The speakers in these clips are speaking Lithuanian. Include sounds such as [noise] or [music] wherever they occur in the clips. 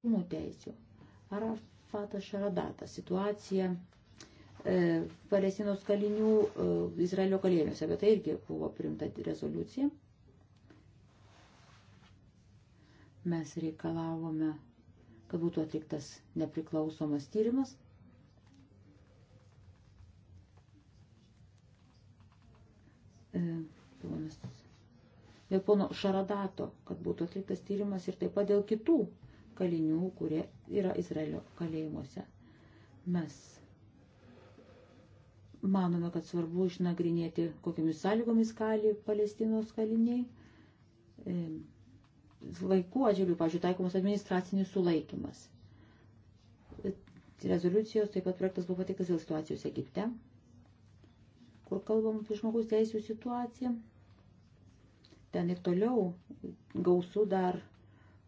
žmonių nu, teisių. Arafatas Šarabatas situacija e, Palestinos kalinių e, Izraelio kalėjimuose, bet tai irgi buvo primta rezoliucija. Mes reikalavome, kad būtų atliktas nepriklausomas tyrimas. E, ponas, dėl pono Šaradato, kad būtų atliktas tyrimas ir taip pat dėl kitų kalinių, kurie yra Izraelio kalėjimuose. Mes manome, kad svarbu išnagrinėti, kokiamis sąlygomis kali Palestinos kaliniai. Vaikų e, atžvilgių, pažiūrėjau, taikomas administracinis sulaikimas. E, rezoliucijos taip pat projektas buvo pateiktas dėl situacijos Egipte, kur kalbam apie žmogus teisų situaciją. Ten ir toliau gausu dar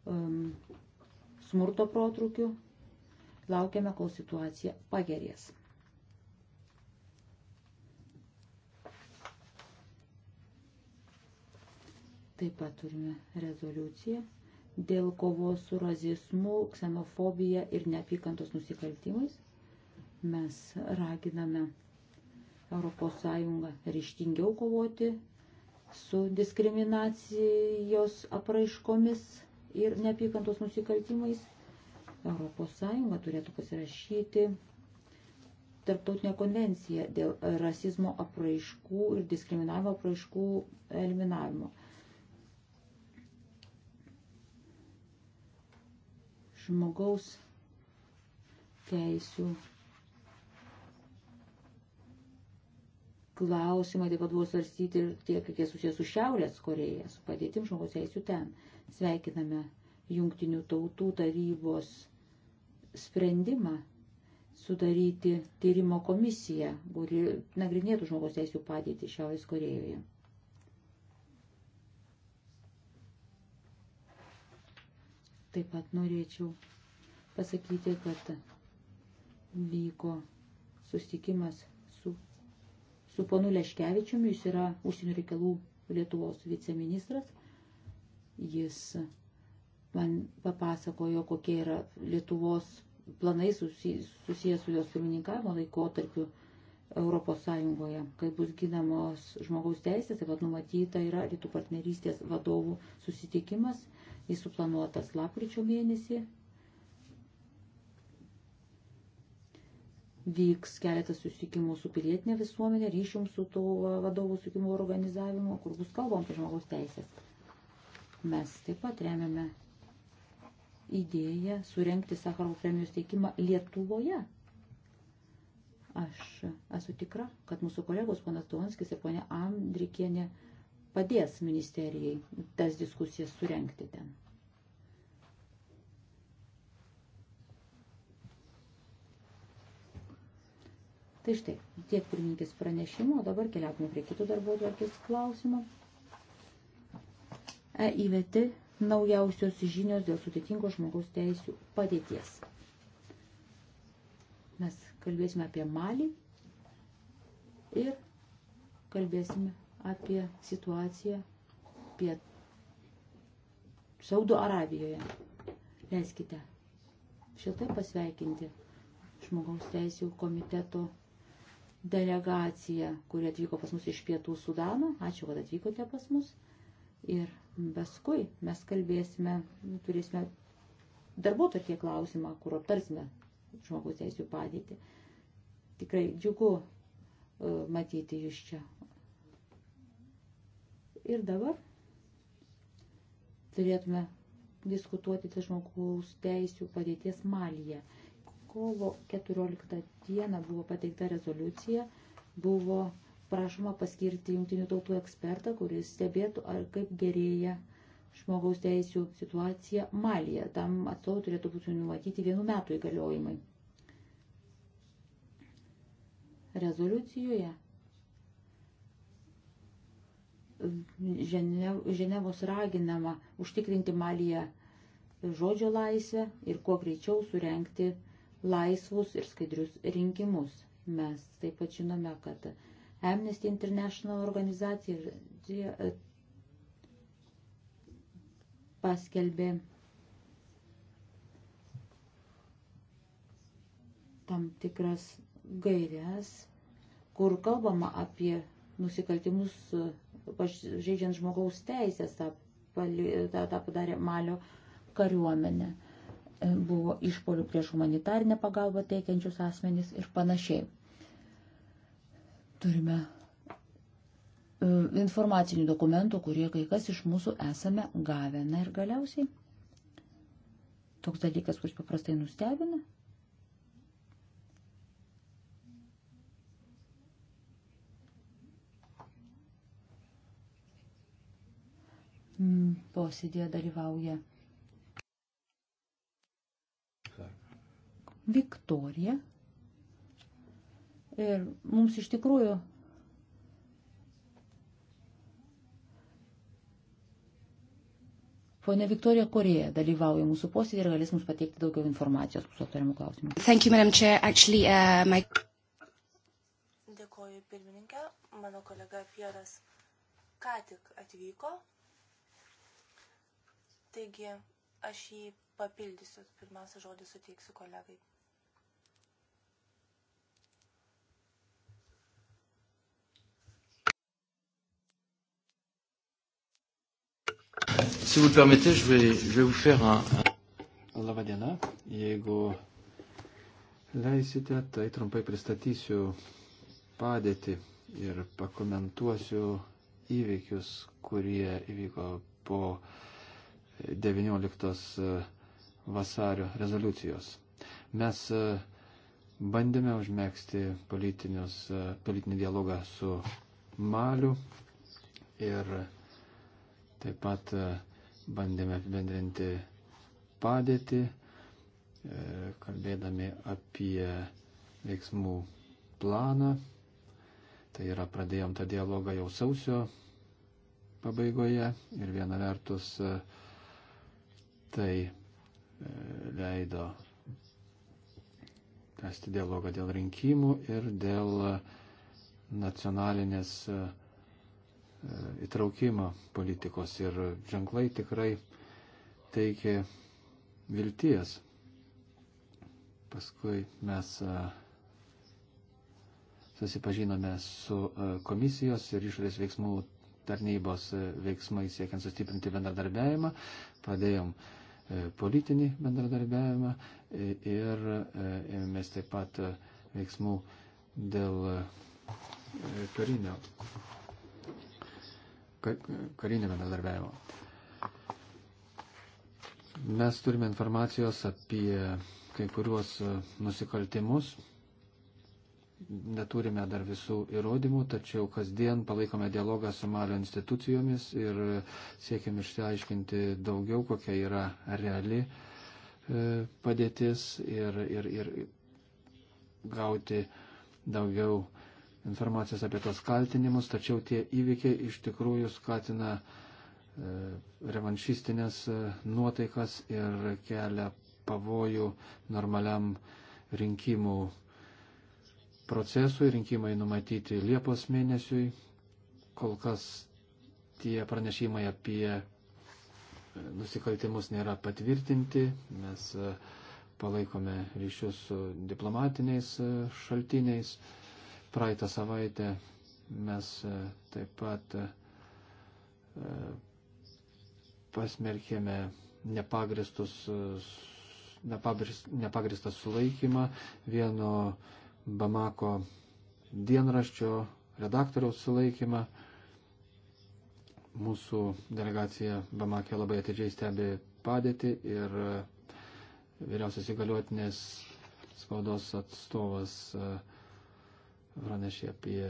um, smurto protrukių. Laukiame, kol situacija pagerės. Taip pat turime rezoliuciją dėl kovos su rasizmu, ksenofobija ir neapykantos nusikaltimais. Mes raginame ES ryštingiau kovoti su diskriminacijos apraiškomis ir neapykantos nusikaltimais, ES turėtų pasirašyti tarptautinę konvenciją dėl rasizmo apraiškų ir diskriminavimo apraiškų eliminavimo. Žmogaus teisių klausimai taip pat buvo svarstyti ir tie, kiek jie susijęs su Šiaurės Koreja, su padėtim žmogaus teisių ten. Uh, Sveikiname Jungtinių tautų tarybos sprendimą sudaryti tyrimo komisiją, kuri nagrinėtų žmogaus teisų padėtį Šiaurės Korejoje. Taip pat norėčiau pasakyti, kad vyko susitikimas su, su ponu Leškevičiumi, jis yra užsienio reikalų Lietuvos viceministras. Jis man papasakojo, kokie yra Lietuvos planai susijęs su jos pirmininkavimo laikotarpiu Europos Sąjungoje, kai bus ginamos žmogaus teisės, taip pat numatyta yra rytų partnerystės vadovų susitikimas, jis suplanuotas lapkričio mėnesį. Vyks keletas susitikimų su pilietinė visuomenė, ryšium su to vadovų susitikimo organizavimu, kur bus kalbam apie žmogaus teisės. Mes taip pat remiame idėją surenkti Sakarovo premijos teikimą Lietuvoje. Aš esu tikra, kad mūsų kolegos ponas Duonskis ir ponė Andrikienė padės ministerijai tas diskusijas surenkti ten. Tai štai, tiek pirmininkės pranešimo, dabar keliaukime prie kitų darbo tvarkės klausimų. EIVT naujausios žinios dėl sudėtingos žmogaus teisų padėties. Mes kalbėsime apie Malį ir kalbėsime apie situaciją piet Saudo Arabijoje. Leiskite šiltai pasveikinti žmogaus teisų komiteto delegaciją, kuri atvyko pas mus iš pietų Sudano. Ačiū, kad atvykote pas mus. Ir paskui mes kalbėsime, turėsime darbo tarkį klausimą, kur aptarsime žmogaus teisų padėtį. Tikrai džiugu e, matyti jūs čia. Ir dabar turėtume diskutuoti dėl žmogaus teisų padėties Malyje. Kovo 14 dieną buvo pateikta rezoliucija, buvo prašoma paskirti jungtinių tautų ekspertą, kuris stebėtų, ar kaip gerėja žmogaus teisų situacija Malija. Tam atstovų turėtų būti numatyti vienų metų įgaliojimai. Rezoliucijoje Ženevos raginama užtikrinti Maliją žodžio laisvę ir kuo greičiau surenkti laisvus ir skaidrius rinkimus. Mes taip pat žinome, kad Amnesty International organizacija e, paskelbė tam tikras gairias, kur kalbama apie nusikaltimus e, pažeidžiant žmogaus teisės, tą, tą, tą padarė Malio kariuomenė. E, buvo išpolių prieš humanitarinę pagalbą teikiančius asmenys ir panašiai. Turime e, informacinių dokumentų, kurie kai kas iš mūsų esame gavę. Na ir galiausiai toks dalykas, kuris paprastai nustebina. Mm, posėdėje dalyvauja Viktorija, Ir mums iš tikrųjų Pone Viktorija Korėja dalyvauja mūsų posėdį ir galės mums pateikti daugiau informacijos mūsų aptariamų klausimų. Thank you, Madam Chair. Actually, uh, my... Dėkoju pirmininkė. Mano kolega Pieras ką tik atvyko. Taigi, aš jį papildysiu. Pirmiausia, žodį suteiksiu kolegai. Si vous le permettez, je vais, je vais vous faire un... Labą dieną. Jeigu leisite, tai trumpai pristatysiu padėtį ir pakomentuosiu įvykius, kurie įvyko po 19 e, vasario rezoliucijos. Mes e, bandėme užmėgsti e, politinį dialogą su Maliu ir Taip pat e, bandėme apibendrinti padėtį, e, kalbėdami apie veiksmų planą. Tai yra pradėjom tą dialogą jau sausio pabaigoje ir viena vertus e, tai leido tęsti dialogą dėl rinkimų ir dėl nacionalinės uh, įtraukimo politikos ir ženklai tikrai teikia vilties. Paskui mes susipažinome su komisijos ir išorės veiksmų tarnybos veiksmai siekiant sustiprinti bendradarbiavimą. Pradėjom politinį bendradarbiavimą ir mes taip pat veiksmų dėl karinio karinio bendradarbiavimo. Mes turime informacijos apie kai kuriuos e, nusikaltimus. Neturime dar visų įrodymų, tačiau kasdien palaikome dialogą su Malio institucijomis ir siekiam išsiaiškinti daugiau, kokia yra reali e, padėtis ir, ir, ir gauti daugiau uh, informacijos apie tos kaltinimus, tačiau tie įvykiai iš tikrųjų skatina e, revanšistinės e, nuotaikas ir kelia pavojų normaliam rinkimų procesui. Rinkimai numatyti Liepos mėnesiui. Kol kas tie pranešimai apie e, nusikaltimus nėra patvirtinti. Mes palaikome ryšius su diplomatiniais šaltiniais. Praeitą savaitę mes e, taip pat e, e, pasmerkėme nepagristus, nepagristą sulaikymą vieno Bamako dienraščio redaktoriaus sulaikymą. Mūsų delegacija Bamakė labai atidžiai stebi padėtį ir vyriausias įgaliotinės spaudos atstovas uh, pranešė apie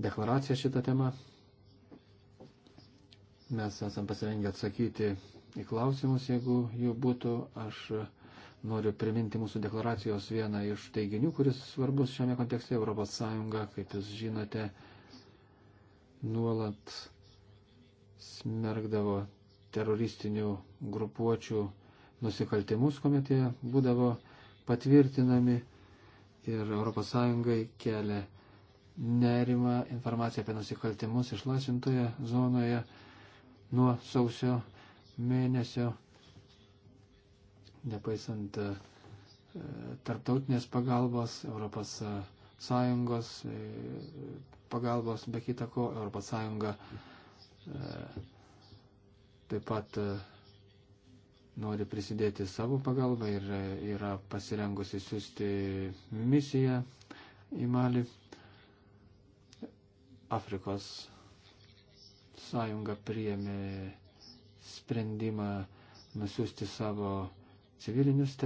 deklaraciją šitą temą. Mes esam pasirengę atsakyti į klausimus, jeigu jų būtų. Aš noriu priminti mūsų deklaracijos vieną iš teiginių, kuris svarbus šiame kontekste. Europos Sąjunga, kaip jūs žinote, nuolat smergdavo teroristinių grupuočių nusikaltimus, kuomet jie būdavo patvirtinami ir ES kelia nerima informacija apie nusikaltimus išlaisvintoje zonoje nuo sausio mėnesio, nepaisant e, tarptautinės pagalbos, ES e, e, pagalbos, be kitako, ES taip pat nori prisidėti savo pagalbą ir yra pasirengusi siūsti misiją į Malį. Afrikos sąjunga priėmė sprendimą nusiųsti savo civilinius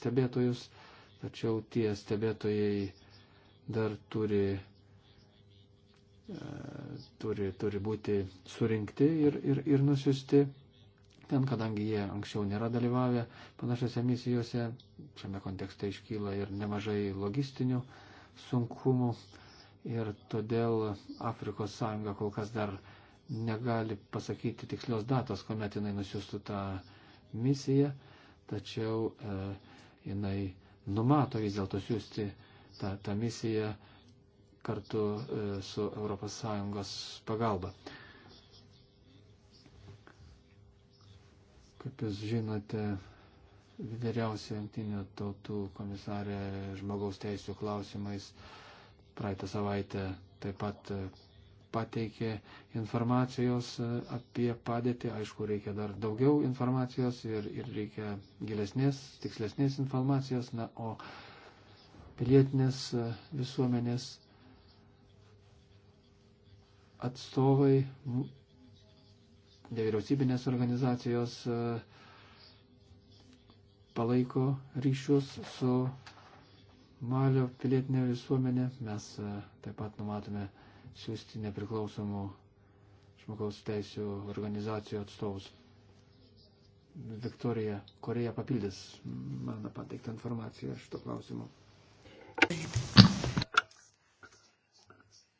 stebėtojus, tačiau tie stebėtojai dar turi, e, turi, turi būti surinkti ir, ir, ir nusiųsti ten, kadangi jie anksčiau nėra dalyvavę panašiose misijose, šiame kontekste iškyla ir nemažai logistinių sunkumų ir todėl Afrikos sąjunga kol kas dar negali pasakyti tikslios datos, kuomet jinai nusiųstų tą misiją, tačiau e, jinai numato vis dėlto siūsti tą, tą misiją kartu e, su ES pagalba. Kaip jūs žinote, vyriausia jungtinių tautų komisarė žmogaus teisų klausimais praeitą savaitę taip pat e, pateikė informacijos e, apie padėtį. Aišku, reikia dar daugiau informacijos ir, ir reikia gilesnės, tikslesnės informacijos. Na, o pilietinės e, visuomenės atstovai nevyriausybinės organizacijos e, palaiko ryšius su Malio pilietinė visuomenė. Mes e, taip pat numatome siūsti nepriklausomų žmogaus teisų organizacijų atstovus. Viktorija Koreja papildys mano pateiktą informaciją šito klausimu.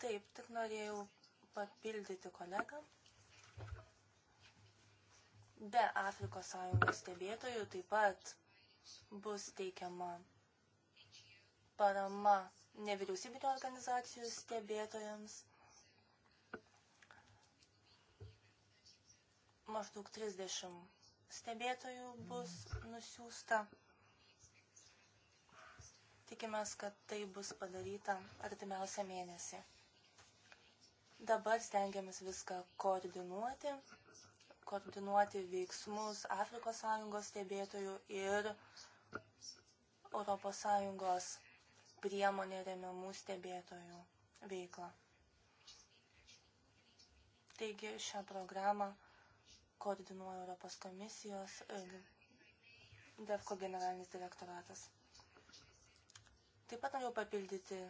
Taip, tik norėjau papildyti kolegą. Be Afrikos sąjungos stebėtojų taip pat bus teikiama parama nevyriausybinio organizacijų stebėtojams. Maždaug 30 stebėtojų bus nusiųsta. Tikimės, kad tai bus padaryta artimiausią mėnesį. Dabar stengiamės viską koordinuoti koordinuoti veiksmus Afrikos sąjungos stebėtojų ir Europos sąjungos priemonė remiamų stebėtojų veiklą. Taigi šią programą koordinuoja Europos komisijos DEFCO generalinis direktoratas. Taip pat norėjau papildyti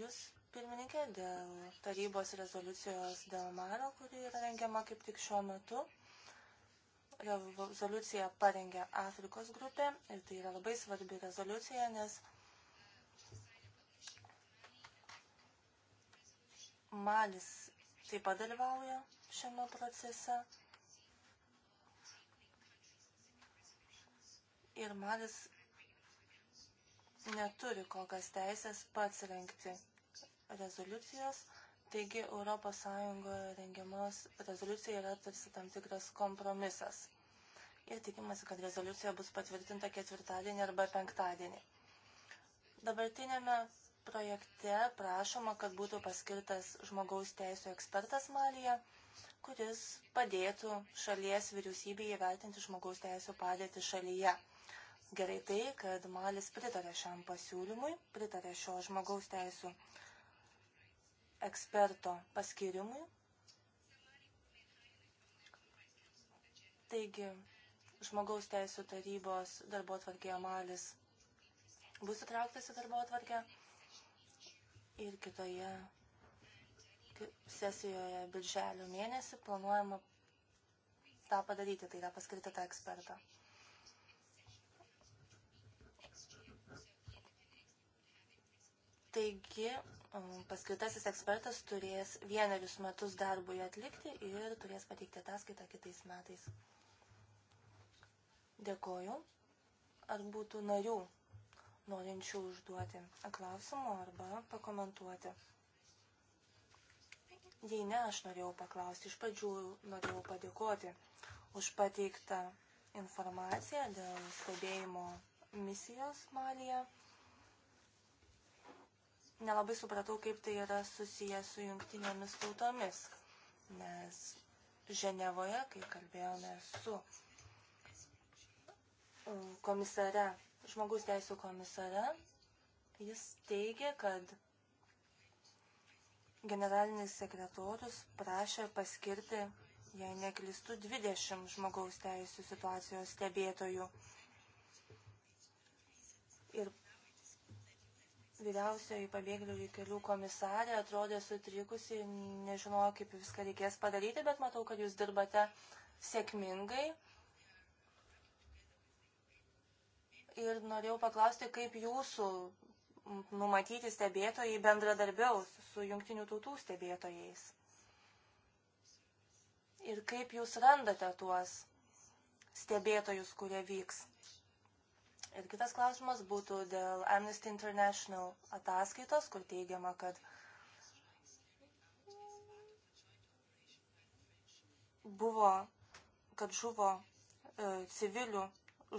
Jūs, pirmininkė, dėl tarybos rezoliucijos dėl Maro, kuri yra rengiama kaip tik šiuo metu rezoliuciją parengė Afrikos grupė ir tai yra labai svarbi rezoliucija, nes Malis taip pat dalyvauja šiame procese. Ir Malis neturi kokias teisės pats rengti rezoliucijos Taigi ES rengiamos rezoliucija yra tarsi tam tikras kompromisas. Ir tikimasi, kad rezoliucija bus patvirtinta ketvirtadienį arba penktadienį. Dabartinėme projekte prašoma, kad būtų paskirtas žmogaus teisų ekspertas Malija, kuris padėtų šalies vyriausybei įvertinti žmogaus teisų padėtį šalyje. Gerai tai, kad Malis pritarė šiam pasiūlymui, pritarė šio žmogaus teisų eksperto paskirimui. Taigi, žmogaus teisų tarybos darbo atvarkėje Malis bus įtrauktas į darbo atvarkę ir kitoje sesijoje birželio mėnesį planuojama tą padaryti, tai yra paskirti tą ekspertą. Taigi, paskirtasis ekspertas turės vienerius metus darbui atlikti ir turės pateikti ataskaitą kitais metais. Dėkoju. Ar būtų narių norinčių užduoti klausimų arba pakomentuoti? Jei ne, aš norėjau paklausti. Iš pradžių norėjau padėkoti už pateiktą informaciją dėl stebėjimo misijos Malija nelabai supratau, kaip tai yra susiję su jungtinėmis tautomis, nes Ženevoje, kai kalbėjome su e, komisare, žmogus teisų komisare, jis teigia, kad generalinis sekretorius prašė paskirti, jei neklistu, 20 žmogaus teisų situacijos stebėtojų. vyriausioji pabėgėlių reikalų komisarė atrodė sutrikusi, nežinojo, kaip viską reikės padaryti, bet matau, kad jūs dirbate sėkmingai. Ir norėjau paklausti, kaip jūsų numatyti stebėtojai bendradarbiaus su jungtinių tautų stebėtojais. Ir kaip jūs randate tuos stebėtojus, kurie vyks Ir kitas klausimas būtų dėl Amnesty International ataskaitos, kur teigiama, kad buvo, kad žuvo e, civilių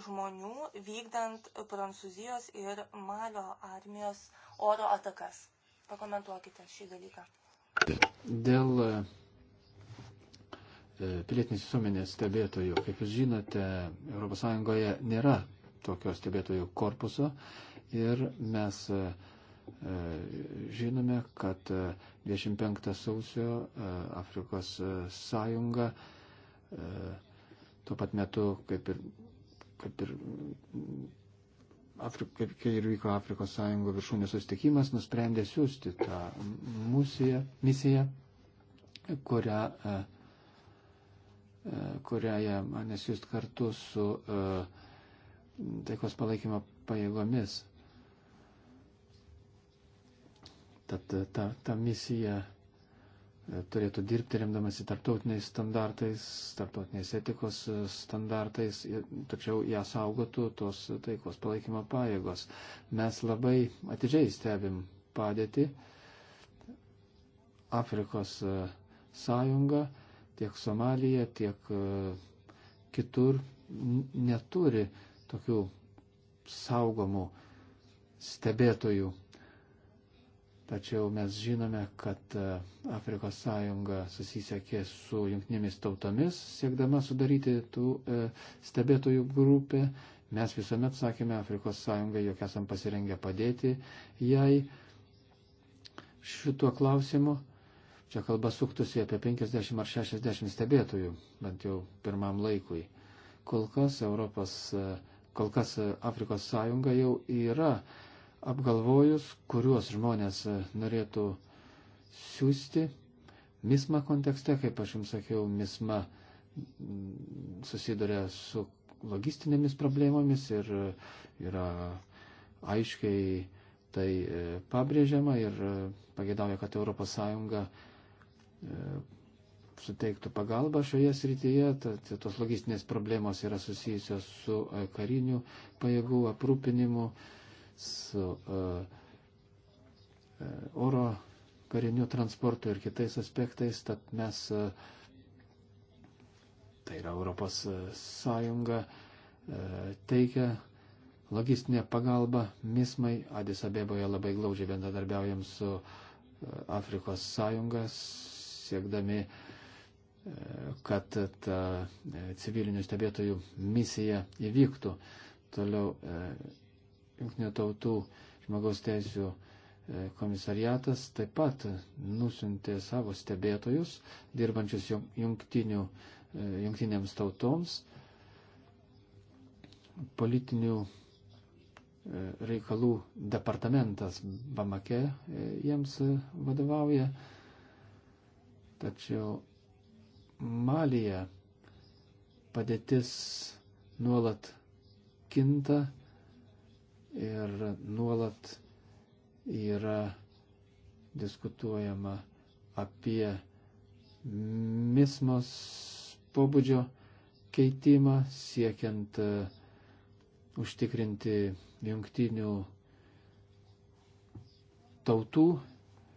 žmonių vykdant Prancūzijos ir Malio armijos oro atakas. Pakomentuokite šį dalyką. Dėl e, e, pilietinės visuomenės stebėtojų, kaip jūs žinote, ES nėra tokio stebėtojų korpuso ir mes e, žinome, kad 25 e, sausio e, Afrikos sąjunga tuo pat metu, kaip ir, kaip ir Afrik, kaip, kai ir vyko Afrikos sąjungo viršūnės sustikimas, nusprendė siūsti tą musiją, misiją, kurią, kurią jie manė siūsti kartu su uh, taikos palaikymo pajėgomis. Tad e, ta, ta misija e, turėtų dirbti remdamasi tarptautiniais standartais, tarptautiniais etikos e, standartais, tačiau ją saugotų tos taikos palaikymo pajėgos. Mes labai atidžiai stebim padėtį Afrikos sąjunga tiek Somalija, tiek kitur neturi uh, tokių saugomų stebėtojų. Tačiau mes žinome, kad e, Afrikos sąjunga susisiekė su jungtinėmis tautomis, siekdama sudaryti tų e, stebėtojų grupę. Mes visuomet sakėme Afrikos sąjungai, jog esam pasirengę padėti jai šituo klausimu. Čia kalba suktusi apie 50 ar 60 stebėtojų, bent jau pirmam laikui. Kol kas Europos uh, Kol kas e, Afrikos sąjunga jau yra apgalvojus, kuriuos žmonės e, norėtų siūsti. Misma kontekste, kaip aš jums sakiau, misma susiduria su logistinėmis problemomis ir e, yra aiškiai tai pabrėžiama ir pagėdauja, kad ES suteiktų pagalbą šioje srityje. Tad tos logistinės problemos yra susijusios su e, karinių pajėgų aprūpinimu, su e, e, oro kariniu transportu ir kitais aspektais. Tad mes, tai yra Europos Sąjunga, teikia logistinę pagalbą mismai. Adis Abeboje labai glaudžiai bendradarbiaujam su Afrikos Sąjungas siekdami uh, kad ta e, civilinių stebėtojų misija įvyktų. Toliau e, Junktinių tautų žmogaus teisų e, komisariatas taip pat nusintė savo stebėtojus, dirbančius jungtinių, jungtinėms tautoms, politinių reikalų departamentas Bamake jiems vadovauja, tačiau Malyje padėtis nuolat kinta ir nuolat yra diskutuojama apie mismos pobūdžio keitimą siekiant e, užtikrinti jungtinių tautų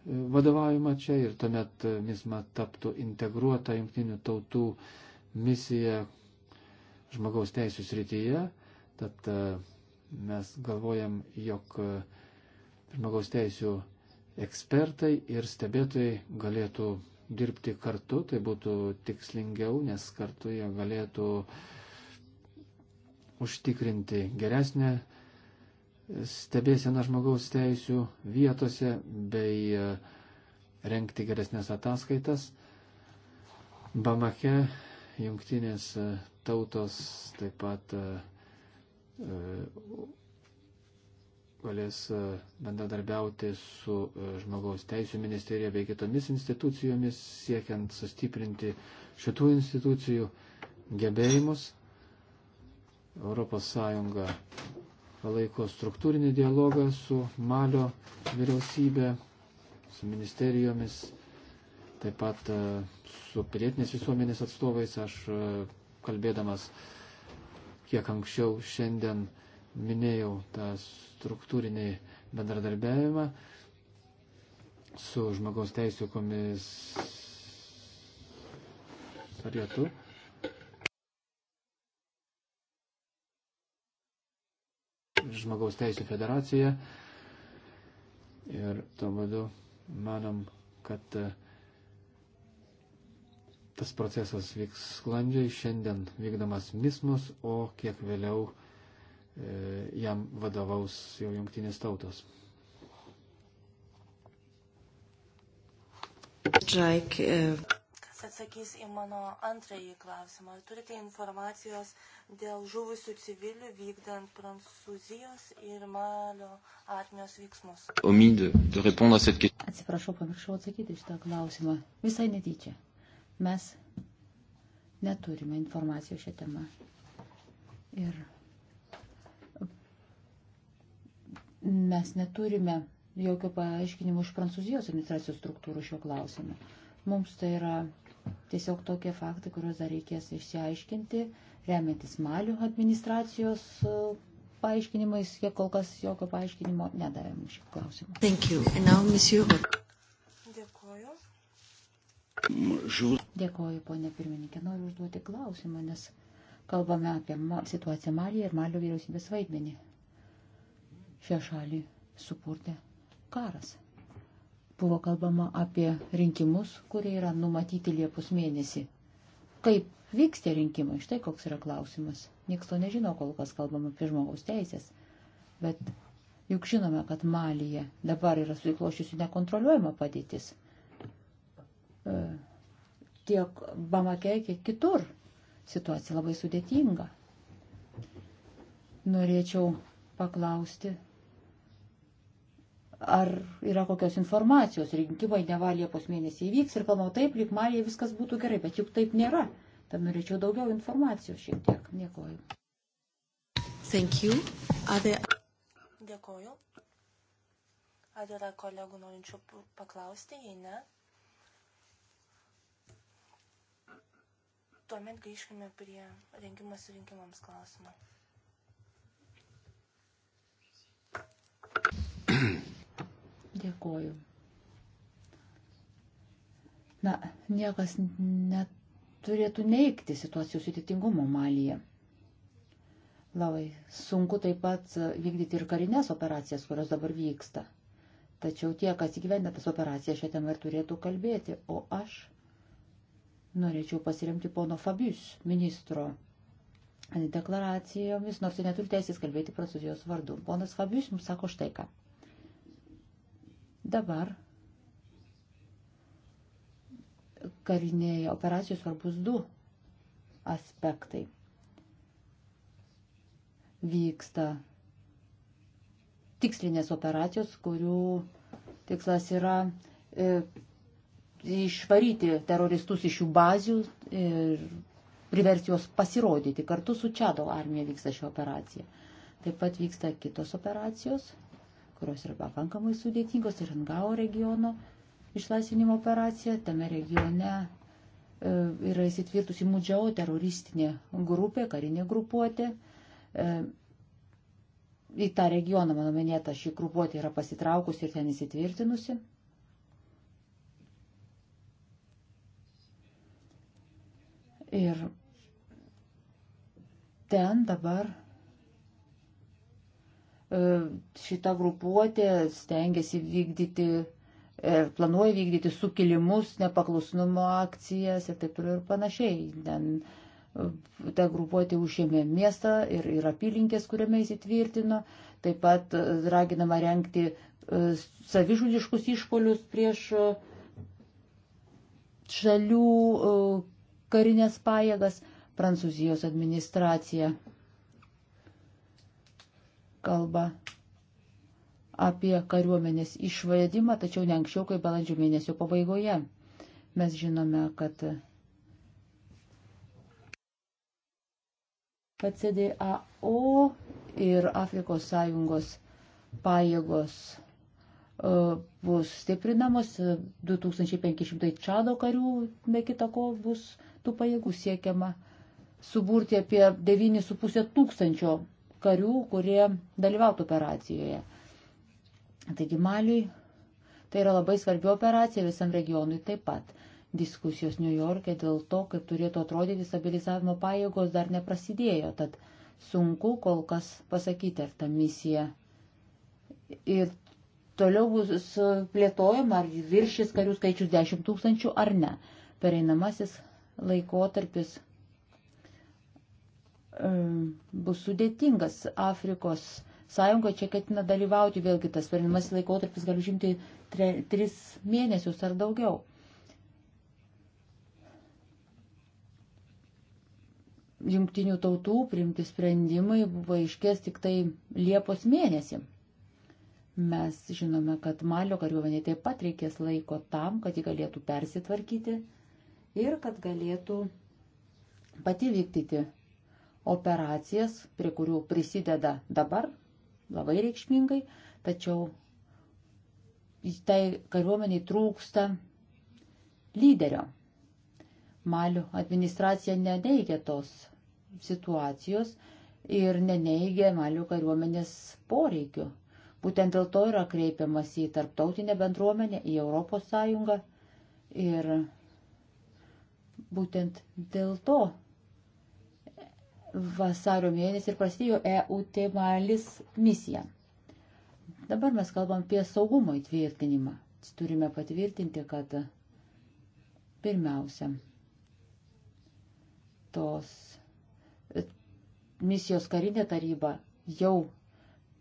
vadovaujama čia ir tuomet misma taptų integruota jungtinių tautų misija žmogaus teisų srityje. Tad e, mes galvojam, jog e, žmogaus teisų ekspertai ir stebėtojai galėtų dirbti kartu, tai būtų tikslingiau, nes kartu jie galėtų užtikrinti geresnę stebėsena žmogaus teisų vietose bei e, renkti geresnės ataskaitas. Bamake jungtinės e, tautos taip pat e, galės bendradarbiauti su žmogaus teisų ministerija bei kitomis institucijomis, siekiant sustiprinti šitų institucijų gebėjimus. Europos Sąjunga palaiko struktūrinį dialogą su Malio vyriausybė, su ministerijomis, taip pat e, su pilietinės visuomenės atstovais. Aš e, kalbėdamas kiek anksčiau šiandien minėjau tą struktūrinį bendradarbiavimą su žmogaus teisų komisariatu. žmogaus teisų federacija. Ir tuo būdu manom, kad e, tas procesas vyks sklandžiai, šiandien vykdamas mismus, o kiek vėliau e, jam vadovaus jau jungtinės tautos. Džaik, e atsakys į mano antrąjį klausimą. Ar turite informacijos dėl žuvusių civilių vykdant Prancūzijos ir Malio armijos veiksmus? Atsiprašau, pamiršau atsakyti šitą klausimą. Visai netyčia. Mes neturime informacijos šią temą. Ir mes neturime jokio paaiškinimo iš Prancūzijos administracijos struktūrų šiuo klausimu. Mums tai yra Tiesiog tokie faktai, kuriuos dar reikės išsiaiškinti, remiantis Malių administracijos e, paaiškinimais, jie kol kas jokio paaiškinimo nedavė mums šį klausimą. Thank you. And now, monsieur. Dėkuoju. Dėkuoju, ponė pirmininkė. Noriu užduoti klausimą, nes kalbame apie situaciją Malyje ir Malio vyriausybės vaidmenį. Šią šalį supurtė karas. Buvo kalbama apie rinkimus, kurie yra numatyti Liepos mėnesį. Kaip vyks tie rinkimai? Štai koks yra klausimas. Niekas to nežino, kol kas kalbam apie žmogaus teisės. Bet juk žinome, kad Malyje dabar yra suiklošiusi nekontroliuojama padėtis. E, tiek Bamake, kiek kitur situacija labai sudėtinga. Norėčiau paklausti ar yra kokios informacijos, rinkimai neva Liepos mėnesį įvyks ir kalbama taip, lyg Marija viskas būtų gerai, bet juk taip nėra. Tam norėčiau daugiau informacijos šiek tiek. Dėkoju. Thank you. Are there... Dėkoju. Ar yra kolegų norinčių paklausti, jei ne? Tuomet grįžkime prie rengimo surinkimams klausimą. [clears throat] Dėkoju. Na, niekas neturėtų neikti situacijos sudėtingumo malyje. Labai sunku taip pat vykdyti ir karinės operacijas, kurios dabar vyksta. Tačiau tie, kas įgyvendina tas operacijas, šią temą ir turėtų kalbėti. O aš norėčiau pasiremti pono Fabius, ministro deklaracijomis, nors jie neturi teisės kalbėti prancūzijos vardu. Ponas Fabius mums sako štai ką. Dabar karinėje operacijoje svarbus du aspektai. Vyksta tikslinės operacijos, kurių tikslas yra e, išvaryti teroristus iš jų bazių ir priversti juos pasirodyti. Kartu su Čado armija vyksta ši operacija. Taip pat vyksta kitos operacijos kurios yra pakankamai sudėtingos ir Angao regiono išlaisvinimo operacija. Tame regione e, yra įsitvirtusi Mudžiao teroristinė grupė, karinė grupuotė. E, į tą regioną, mano minėta, ši grupuotė yra pasitraukusi ir ten įsitvirtinusi. Ir ten dabar E, šita grupuotė stengiasi vykdyti ir e, planuoja vykdyti sukilimus, nepaklusnumo akcijas ir taip toliau ir panašiai. Ten e, ta grupuotė užėmė miestą ir, ir apylinkės, kuriame įsitvirtino. Taip pat raginama renkti savižudiškus išpolius prieš šalių karinės pajėgas. Prancūzijos administracija kalba apie kariuomenės išvadimą, tačiau ne anksčiau kaip balandžio mėnesio pabaigoje. Mes žinome, kad kad CDAO ir Afrikos sąjungos pajėgos e, bus stiprinamos, 2500 čado karių, be kitako, bus tų pajėgų siekiama suburti apie 9,5 tūkstančio karių, kurie dalyvautų operacijoje. Taigi Maliui tai yra labai svarbi operacija visam regionui taip pat. Diskusijos New York'e dėl to, kaip turėtų atrodyti stabilizavimo pajėgos, dar neprasidėjo, tad sunku kol kas pasakyti, ar ta misija ir toliau bus plėtojama, ar viršis karių skaičius 10 tūkstančių ar ne. Pereinamasis laikotarpis E, bus sudėtingas Afrikos sąjunga čia ketina dalyvauti, vėlgi tas perinamas laikotarpis gali žimti tre, tris mėnesius ar daugiau. Jungtinių tautų priimti sprendimai buvo iškės tik tai Liepos mėnesį. Mes žinome, kad Malio kariuomenė taip pat reikės laiko tam, kad ji galėtų persitvarkyti ir kad galėtų pati vykdyti operacijas, prie kurių prisideda dabar labai reikšmingai, tačiau tai kariuomeniai trūksta lyderio. Malių administracija neneigia tos situacijos ir neneigia Malių kariuomenės poreikių. Būtent dėl to yra kreipiamas į tarptautinę bendruomenę, į Europos Sąjungą ir būtent dėl to vasario mėnesį ir prasidėjo EUT Malis misija. Dabar mes kalbam apie saugumo įtvirtinimą. Turime patvirtinti, kad pirmiausia, tos misijos karinė taryba jau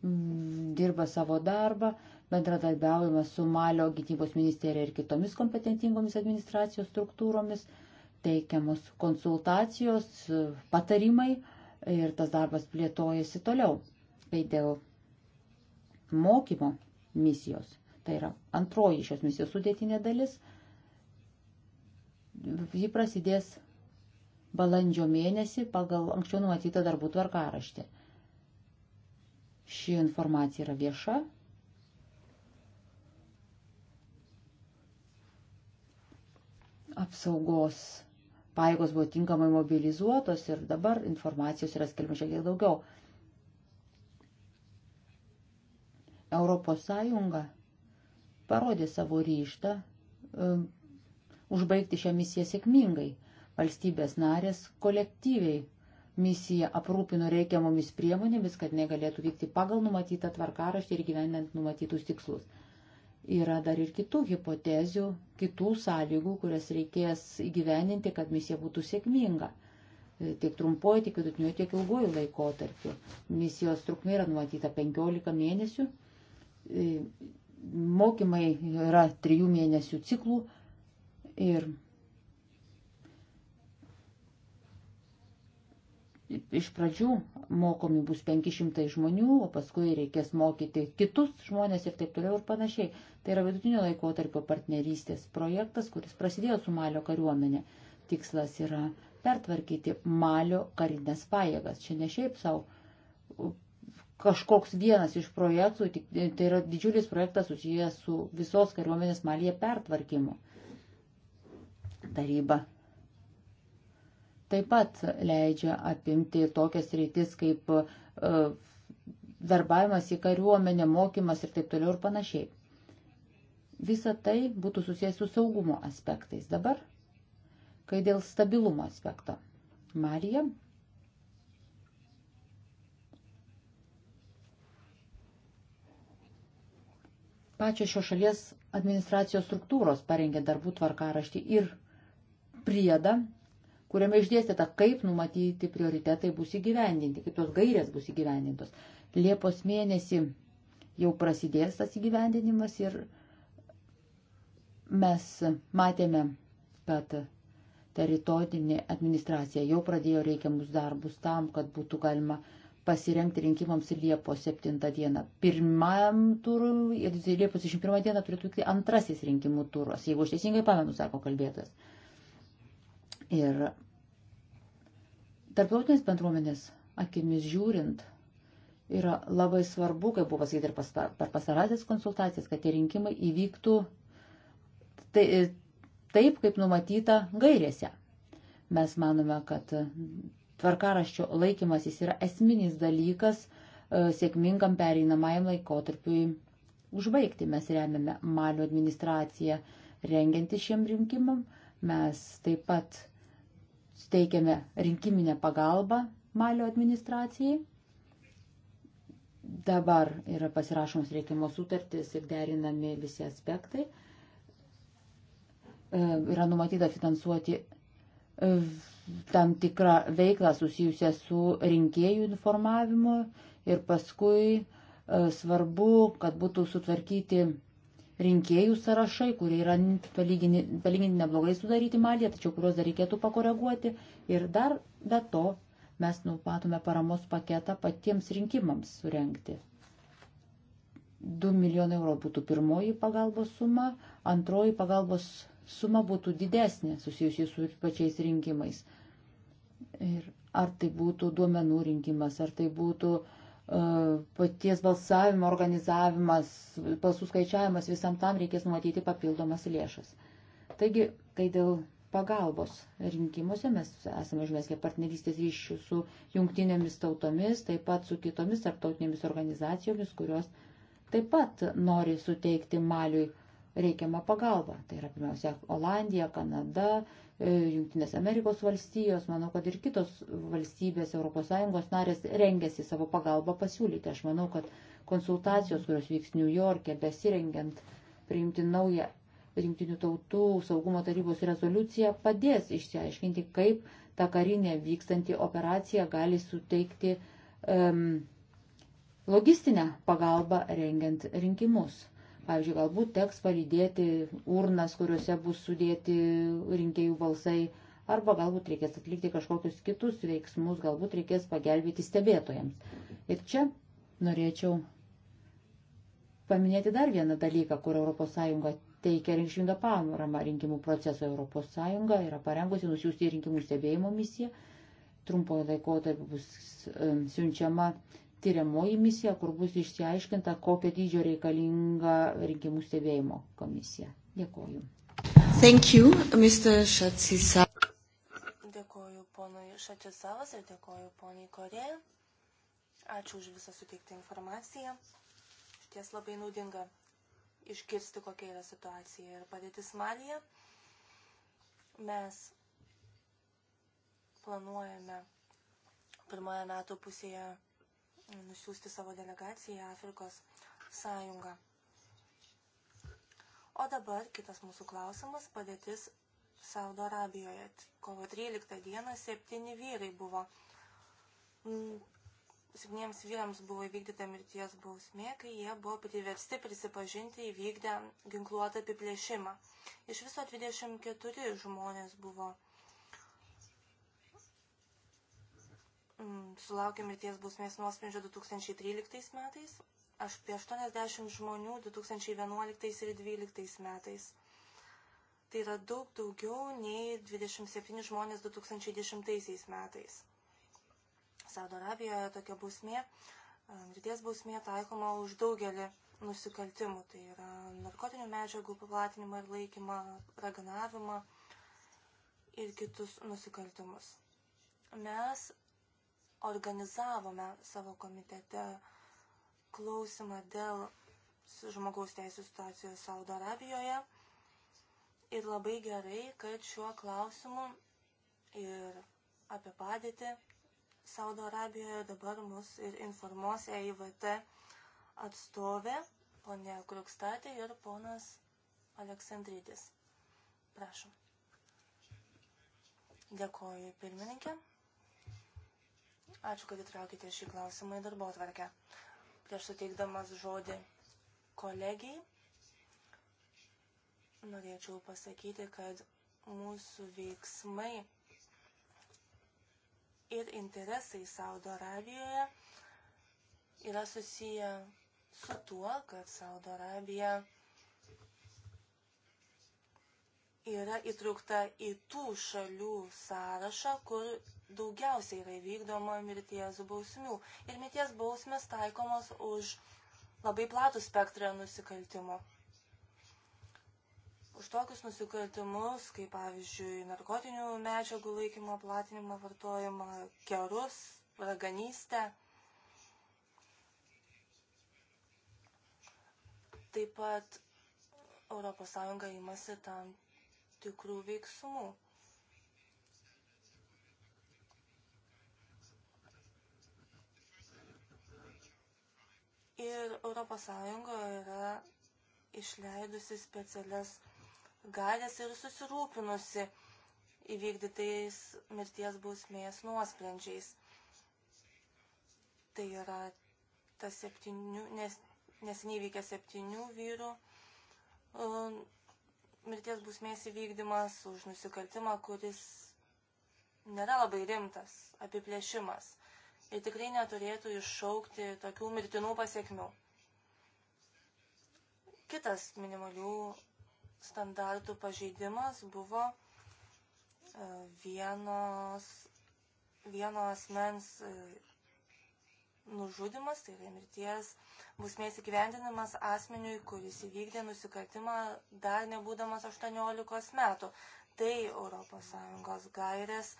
mm, dirba savo darbą, bendradarbiaujama su Malio gynybos ministerija ir kitomis kompetentingomis administracijos struktūromis teikiamos konsultacijos, patarimai ir tas darbas plėtojasi toliau, kai dėl mokymo misijos, tai yra antroji šios misijos sudėtinė dalis, ji prasidės balandžio mėnesį pagal anksčiau numatytą darbų tvarkaraštį. Ši informacija yra vieša. Apsaugos paėgos buvo tinkamai mobilizuotos ir dabar informacijos yra skelbiama šiek tiek daugiau. Europos Sąjunga parodė savo ryštą um, užbaigti šią misiją sėkmingai. Valstybės narės kolektyviai misiją aprūpino reikiamomis priemonėmis, kad negalėtų vykti pagal numatytą tvarkaraštį ir gyvendant numatytus tikslus. Yra dar ir kitų hipotezių, kitų sąlygų, kurias reikės įgyveninti, kad misija būtų sėkminga. E, tiek trumpuoju, tiek vidutiniu, tiek ilguoju laikotarpiu. Misijos trukmė yra numatyta 15 mėnesių. E, mokymai yra 3 mėnesių ciklų ir iš pradžių mokomi bus 500 žmonių, o paskui reikės mokyti kitus žmonės ir taip toliau ir panašiai. Tai yra vidutinio laiko tarpio partnerystės projektas, kuris prasidėjo su Malio kariuomenė. Tikslas yra pertvarkyti Malio karinės pajėgas. Čia ne šiaip savo kažkoks vienas iš projektų, tai yra didžiulis projektas susijęs su visos kariuomenės Malija pertvarkymu. Taryba taip pat leidžia apimti tokias rytis kaip e, darbavimas į kariuomenę, mokymas ir taip toliau ir panašiai. Visa tai būtų susijęs su saugumo aspektais. Dabar, kai dėl stabilumo aspekto. Marija. Pačios šios šalies administracijos struktūros parengė darbų tvarkaraštį ir priedą kuriame išdėstėta, kaip numatyti prioritetai bus įgyvendinti, kaip tos gairės bus įgyvendintos. Liepos mėnesį jau prasidės tas įgyvendinimas ir mes matėme, kad teritorinė administracija jau pradėjo reikiamus darbus tam, kad būtų galima pasirengti rinkimams Liepos 7 dieną. Pirmam turui, Liepos 21 dieną turėtų vykti antrasis rinkimų turas, jeigu aš teisingai pamenu, sako kalbėtas. Ir tarptautinės bendruomenės akimis žiūrint yra labai svarbu, kaip buvo sakyti ir pasta, per pastarąsias konsultacijas, kad tie rinkimai įvyktų tai, taip, kaip numatyta gairėse. Mes manome, kad tvarkaraščio laikymasis yra esminis dalykas e, sėkmingam pereinamajam laikotarpiui užbaigti. Mes remiame Malio administraciją rengianti šiem rinkimam. Mes taip pat Steikiame rinkiminę pagalbą Malio administracijai. Dabar yra pasirašomos reikiamos sutartys ir derinami visi aspektai. E, yra numatyta finansuoti e, tam tikrą veiklą susijusią su rinkėjų informavimu ir paskui e, svarbu, kad būtų sutvarkyti rinkėjų sąrašai, kurie yra palyginti neblogai sudaryti malėje, tačiau kuriuos dar reikėtų pakoreguoti. Ir dar be to mes numatome paramos paketą patiems rinkimams surenkti. 2 milijonai eurų būtų pirmoji pagalbos suma, antroji pagalbos suma būtų didesnė susijusi su pačiais rinkimais. Ir ar tai būtų duomenų rinkimas, ar tai būtų uh, paties balsavimo organizavimas, balsų skaičiavimas, visam tam reikės numatyti papildomas lėšas. Taigi, kai dėl pagalbos rinkimuose mes esame užmeskę partnerystės ryšių su jungtinėmis tautomis, taip pat su kitomis tarptautinėmis organizacijomis, kurios taip pat nori suteikti Maliui reikiamą pagalbą. Tai yra pirmiausia Olandija, Kanada, E, Junktinės Amerikos valstijos, manau, kad ir kitos valstybės ES narės rengiasi savo pagalbą pasiūlyti. Aš manau, kad konsultacijos, kurios vyks New York'e, besirengiant priimti naują Junktinių tautų saugumo tarybos rezoliuciją, padės išsiaiškinti, kaip ta karinė vykstanti operacija gali suteikti um, logistinę pagalbą rengiant rinkimus. Pavyzdžiui, galbūt teks palydėti urnas, kuriuose bus sudėti rinkėjų balsai, arba galbūt reikės atlikti kažkokius kitus veiksmus, galbūt reikės pagelbėti stebėtojams. Ir čia norėčiau paminėti dar vieną dalyką, kur ES teikia reikšmingą panoramą rinkimų procesui. ES yra parengusi nusiųsti rinkimų stebėjimo misiją trumpo laiko tarp bus siunčiama tyriamoji misija, kur bus išsiaiškinta, kokio dydžio reikalinga rinkimų stebėjimo komisija. Dėkoju. Thank you, Mr. Šatsisa. Dėkoju ponui Šatsisavas ir dėkoju poniai Korė. Ačiū už visą suteiktą informaciją. Ties labai naudinga išgirsti, kokia yra situacija ir padėtis Malija. Mes planuojame pirmoje metų pusėje nusiųsti savo delegaciją į Afrikos sąjungą. O dabar kitas mūsų klausimas – padėtis Saudo Arabijoje. Kovo 13 dieną septyni vyrai buvo. Mm, septyniems vyrams buvo įvykdyta mirties bausmė, kai jie buvo priversti prisipažinti įvykdę ginkluotą apiplėšimą. Iš viso 24 žmonės buvo Mm, sulaukė mirties bausmės nuosprendžio 2013 metais, aš apie 80 žmonių 2011 ir 2012 metais. Tai yra daug daugiau nei 27 žmonės 2010 metais. Saudo Arabijoje tokia bausmė, e, mirties bausmė taikoma už daugelį nusikaltimų. Tai yra narkotinių medžiagų paplatinimą ir laikymą, raganavimą ir kitus nusikaltimus. Mes organizavome savo komitete klausimą dėl žmogaus teisų situacijos Saudo Arabijoje. Ir labai gerai, kad šiuo klausimu ir apie padėtį Saudo Arabijoje dabar mus ir informuos EIVT atstovė, ponė Krukstatė ir ponas Aleksandrytis. Prašom. Dėkoju pirmininkė. Ačiū, kad įtraukite šį klausimą į darbo atvarkę. Prieš suteikdamas žodį kolegijai, norėčiau pasakyti, kad mūsų veiksmai ir interesai Saudo Arabijoje yra susiję su tuo, kad Saudo Arabija yra įtraukta į tų šalių sąrašą, kur daugiausiai yra vykdoma mirties bausmių. Ir mirties bausmės taikomos už labai platų spektrą nusikaltimų. Už tokius nusikaltimus, kaip pavyzdžiui, narkotinių medžiagų laikymo, platinimą, vartojimą, kerus, raganystę. Taip pat ES imasi tam tikrų veiksmų. Ir ES yra išleidusi specialias galės ir susirūpinusi įvykdytais mirties bausmės nuosprendžiais. Tai yra tas septynių, nes, nesiniai vykęs septynių vyrų um, mirties bausmės įvykdymas už nusikaltimą, kuris nėra labai rimtas apiplėšimas ir tikrai neturėtų iššaukti tokių mirtinų pasiekmių. Kitas minimalių standartų pažeidimas buvo e, vienos, vieno asmens e, nužudimas, tai yra mirties busmės įgyvendinimas asmeniui, kuris įvykdė nusikaltimą dar nebūdamas 18 metų. Tai ES gairės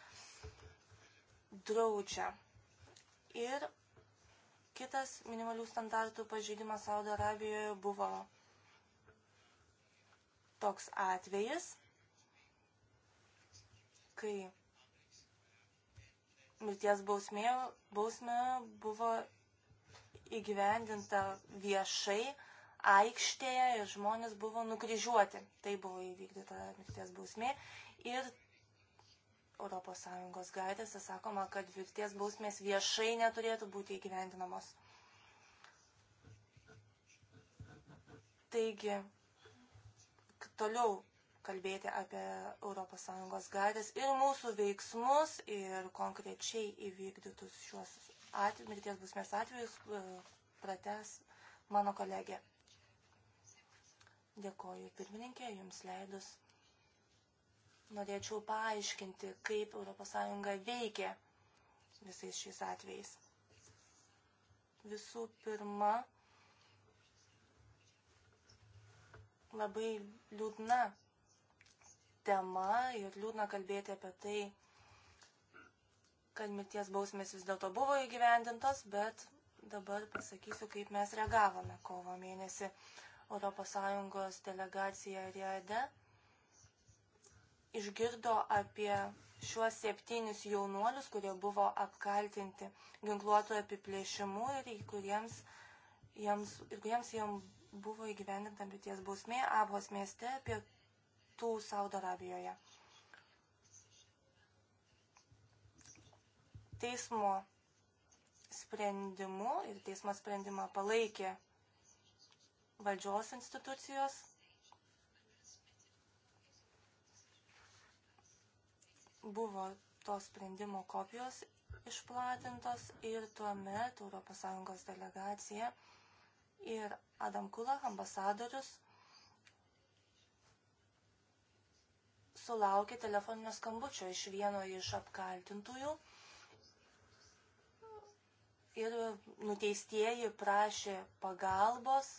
draudžia. Ir kitas minimalių standartų pažeidimas Saudo Arabijoje buvo toks atvejis, kai mirties bausmė, bausmė buvo įgyvendinta viešai aikštėje ir žmonės buvo nukryžiuoti. Tai buvo įvykdyta mirties bausmė. Ir ES gairėse sakoma, kad mirties bausmės viešai neturėtų būti įgyvendinamos. Taigi, toliau kalbėti apie ES gairės ir mūsų veiksmus ir konkrečiai įvykdytus šiuos atveju, mirties bausmės atvejus e, prates mano kolegė. Dėkoju pirmininkė, jums leidus norėčiau paaiškinti, kaip ES veikia visais šiais atvejais. Visų pirma, labai liūdna tema ir liūdna kalbėti apie tai, kad mirties bausmės vis dėlto buvo įgyvendintos, bet dabar pasakysiu, kaip mes reagavome kovo mėnesį. ES delegacija Riade išgirdo apie šiuos septynis jaunuolius, kurie buvo apkaltinti ginkluotų apiplėšimu ir kuriems jiems, ir kuriems jiems buvo įgyvendinta mirties bausmė Abhos mieste pietų Saudo Arabijoje. Teismo sprendimu ir teismo sprendimą palaikė valdžios institucijos buvo to sprendimo kopijos išplatintos ir tuomet ES delegacija ir Adam Kula ambasadorius sulaukė telefoninio skambučio iš vieno iš apkaltintųjų ir nuteistieji prašė pagalbos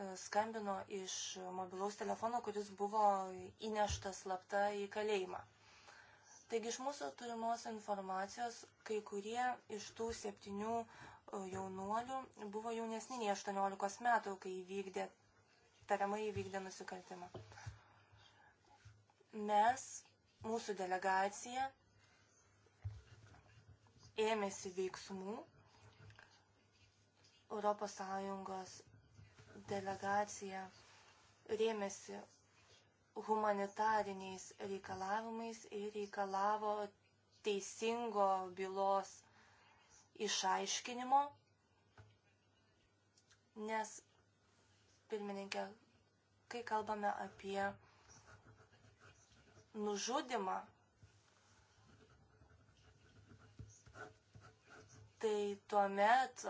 E, skambino iš mobilaus telefono, kuris buvo įneštas slapta į kalėjimą. Taigi iš mūsų turimos informacijos kai kurie iš tų septynių e, jaunuolių buvo jaunesni nei 18 metų, kai įvykdė, tariamai įvykdė nusikaltimą. Mes, mūsų delegacija, ėmėsi veiksmų ES delegacija rėmėsi humanitariniais reikalavimais ir reikalavo teisingo bylos išaiškinimo, nes pirmininkė, kai kalbame apie nužudimą, tai tuomet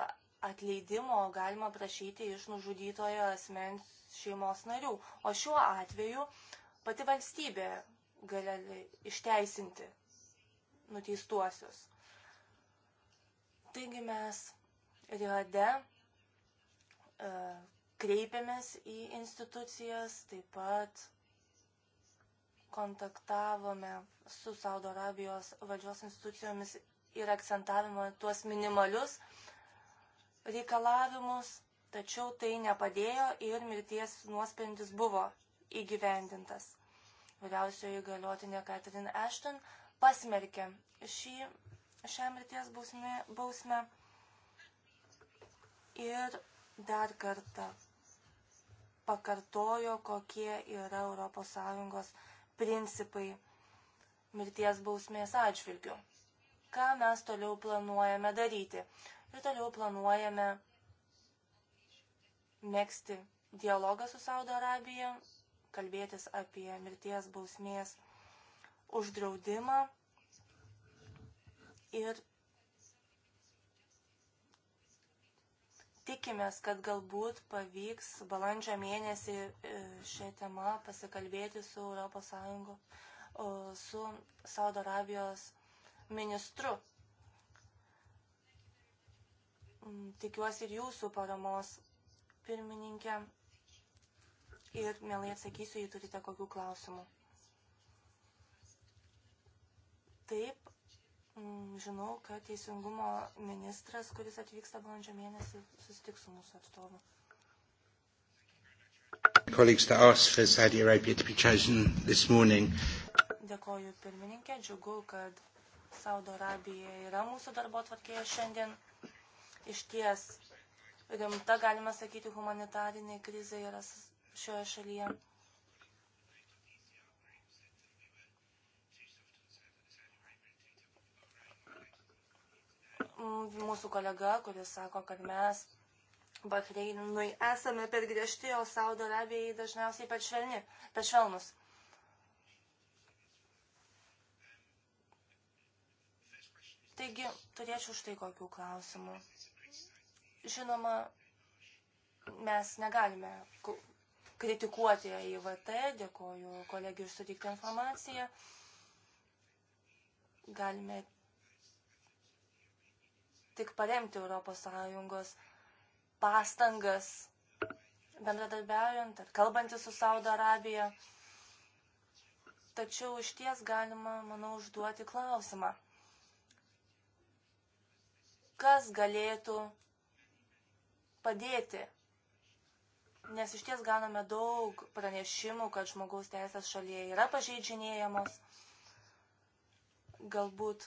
atleidimo galima prašyti iš nužudytojo asmens šeimos narių, o šiuo atveju pati valstybė gali išteisinti nuteistuosius. Taigi mes Riade e, kreipėmės į institucijas, taip pat kontaktavome su Saudo Arabijos valdžios institucijomis ir akcentavome tuos minimalius uh, reikalavimus, tačiau tai nepadėjo ir mirties nuosprendis buvo įgyvendintas. Vyriausioji galiotinė Katrin Ashton pasmerkė šį, šią mirties bausmę, bausmę ir dar kartą pakartojo, kokie yra ES principai mirties bausmės atžvilgių. Ką mes toliau planuojame daryti? ir toliau planuojame mėgsti dialogą su Saudo Arabija, kalbėtis apie mirties bausmės uždraudimą ir tikimės, kad galbūt pavyks balandžio mėnesį e, šią temą pasikalbėti su ES, su Saudo Arabijos ministru. Mm, tikiuosi ir jūsų paramos pirmininkė ir mielai atsakysiu, jei turite kokių klausimų. Taip, mm, žinau, kad teisingumo ministras, kuris atvyksta balandžio mėnesį, susitiks su mūsų atstovu. Dėkoju pirmininkė, džiugu, kad Saudo Arabija yra mūsų darbo tvarkėje šiandien iš ties rimta, galima sakyti, humanitarinė krizė yra šioje šalyje. Mūsų kolega, kuris sako, kad mes Bahreinui esame per griežti, o Saudo Arabijai dažniausiai per švelni, per švelnus. Taigi, turėčiau štai kokių klausimų. Žinoma, mes negalime kritikuoti EIVT, dėkoju kolegijų už suteiktą informaciją. Galime tik paremti ES pastangas bendradarbiaujant ar kalbantis su Saudo Arabija. Tačiau iš ties galima, manau, užduoti klausimą. Kas galėtų padėti. Nes iš ties ganame daug pranešimų, kad žmogaus teisės šalyje yra pažeidžinėjamos. Galbūt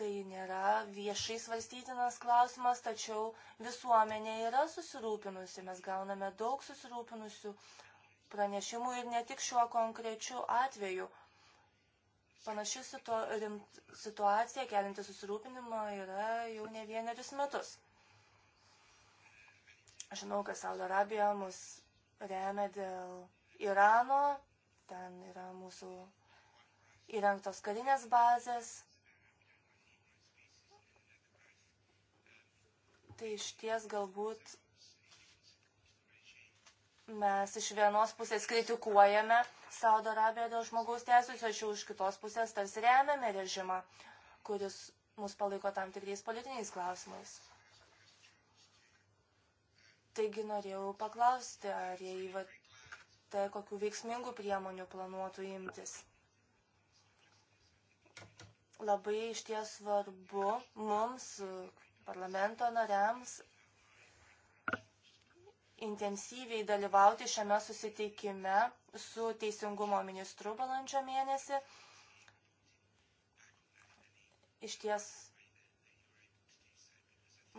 tai nėra viešai svarstytinas klausimas, tačiau visuomenė yra susirūpinusi. Mes gauname daug susirūpinusių pranešimų ir ne tik šiuo konkrečiu atveju. Panaši situ, rimt, situacija kelinti susirūpinimo yra jau ne vienerius metus. Žinau, kad Saudo Arabija mus remia dėl Irano, ten yra mūsų įrengtos karinės bazės. Tai iš ties galbūt mes iš vienos pusės kritikuojame Saudo Arabiją dėl žmogaus teisų, tačiau iš kitos pusės tarsi remiame režimą, kuris mus palaiko tam tikrais politiniais klausimais. Taigi norėjau paklausti, ar jie įvatė tai kokių veiksmingų priemonių planuotų imtis. Labai iš ties svarbu mums, parlamento nariams, intensyviai dalyvauti šiame susitikime su teisingumo ministru balandžio mėnesį. Iš ties,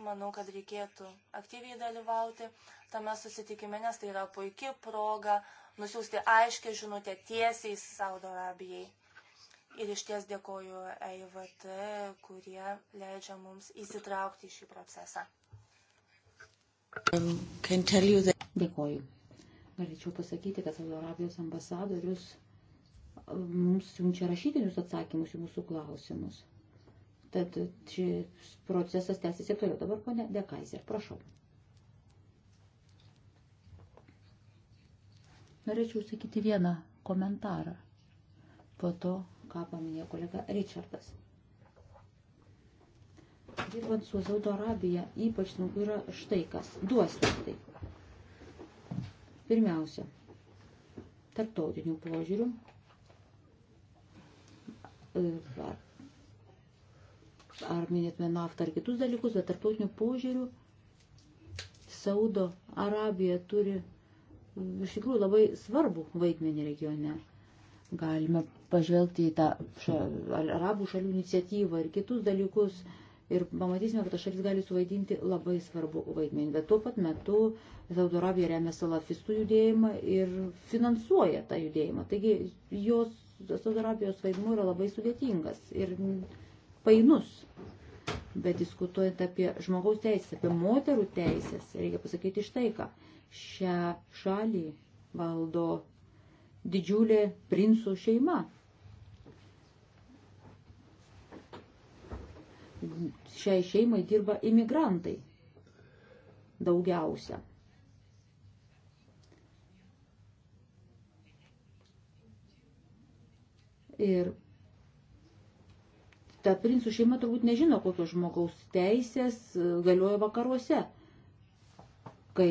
manau, kad reikėtų aktyviai dalyvauti tame susitikime, nes tai yra puikia proga nusiųsti aiškę žinutę tiesiai Saudo Arabijai. Ir iš ties dėkoju EIVT, kurie leidžia mums įsitraukti į šį procesą. That... Dėkoju. Galėčiau pasakyti, kad Saudo Arabijos ambasadorius e, mums siunčia rašytinius atsakymus į mūsų klausimus. Tad šis procesas tęsiasi toliau. Dabar, ponė Dekaiser, prašau. Norėčiau sakyti vieną komentarą po to, ką paminėjo kolega Richardas dirbant su Saudo Arabija, ypač sunku yra štai kas. Du aspektai. Pirmiausia, tarptautinių požiūrių. E, ar, ar minėtume naftą ar kitus dalykus, bet tarptautinių požiūrių Saudo Arabija turi mm, iš tikrųjų labai svarbu vaidmenį regione. Galime pažvelgti į tą ša, arabų šalių iniciatyvą ir kitus dalykus. Uh, ir pamatysime, kad ta šalis gali suvaidinti labai svarbu vaidmenį. Bet tuo pat metu Saudo Arabija remia salafistų judėjimą ir finansuoja tą judėjimą. Taigi jos, Saudo Arabijos vaidmuo yra labai sudėtingas ir painus. Bet diskutuojant apie žmogaus teisės, apie moterų teisės, reikia pasakyti štai ką. Šią šalį valdo didžiulė princų šeima šiai šeimai dirba imigrantai daugiausia. Ir ta princų šeima turbūt nežino, kokios žmogaus teisės galioja vakaruose, kai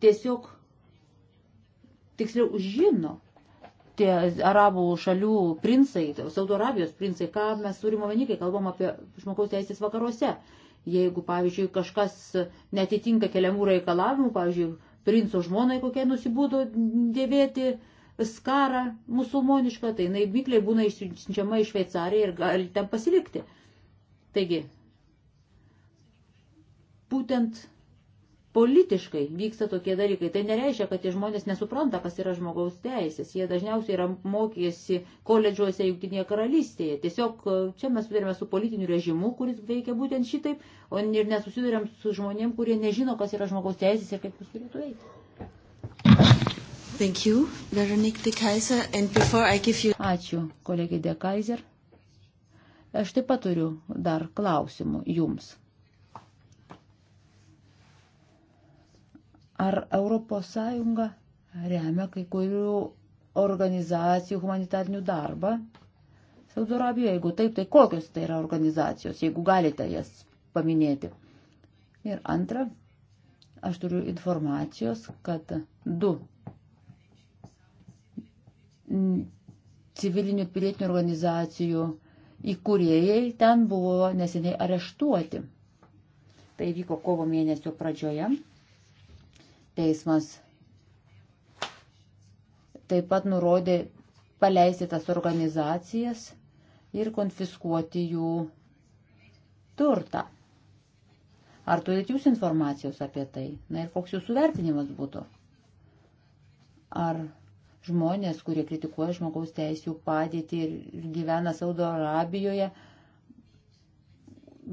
tiesiog tiksliau žino, tie arabų šalių princai, Saudo Arabijos princai, ką mes turime omeny, kai kalbam apie žmogaus teisės vakaruose. Jeigu, pavyzdžiui, kažkas netitinka keliamų reikalavimų, pavyzdžiui, princo žmonai kokiai nusibūdo dėvėti skarą musulmonišką, tai jinai mikliai būna išsiunčiama į Šveicariją ir gali ten pasilikti. Taigi, būtent politiškai vyksta tokie dalykai. Tai nereiškia, kad tie žmonės nesupranta, kas yra žmogaus teisės. Jie dažniausiai yra mokėsi koledžiuose Junktinėje karalystėje. Tiesiog e, čia mes sudarėme su politiniu režimu, kuris veikia būtent šitaip, o ir nesusidurėm su žmonėm, kurie nežino, kas yra žmogaus teisės ir kaip jūs turėtų veikti. Thank you, Veronique de Kaiser. And before I give you... Ačiū, kolegė de Kaiser. Aš taip pat turiu dar klausimų jums. Ar ES remia kai kurių organizacijų humanitarnių darbą? Saudo Arabijoje, jeigu taip, tai kokios tai yra organizacijos, jeigu galite jas paminėti. Ir antra, aš turiu informacijos, kad du civilinių pilietinių organizacijų įkūrėjai ten buvo neseniai areštuoti. Tai vyko kovo mėnesio pradžioje teismas taip pat nurodė paleisti tas organizacijas ir konfiskuoti jų turtą. Ar turite jūs informacijos apie tai? Na ir koks jūsų vertinimas būtų? Ar žmonės, kurie kritikuoja žmogaus teisų padėtį ir gyvena Saudo Arabijoje,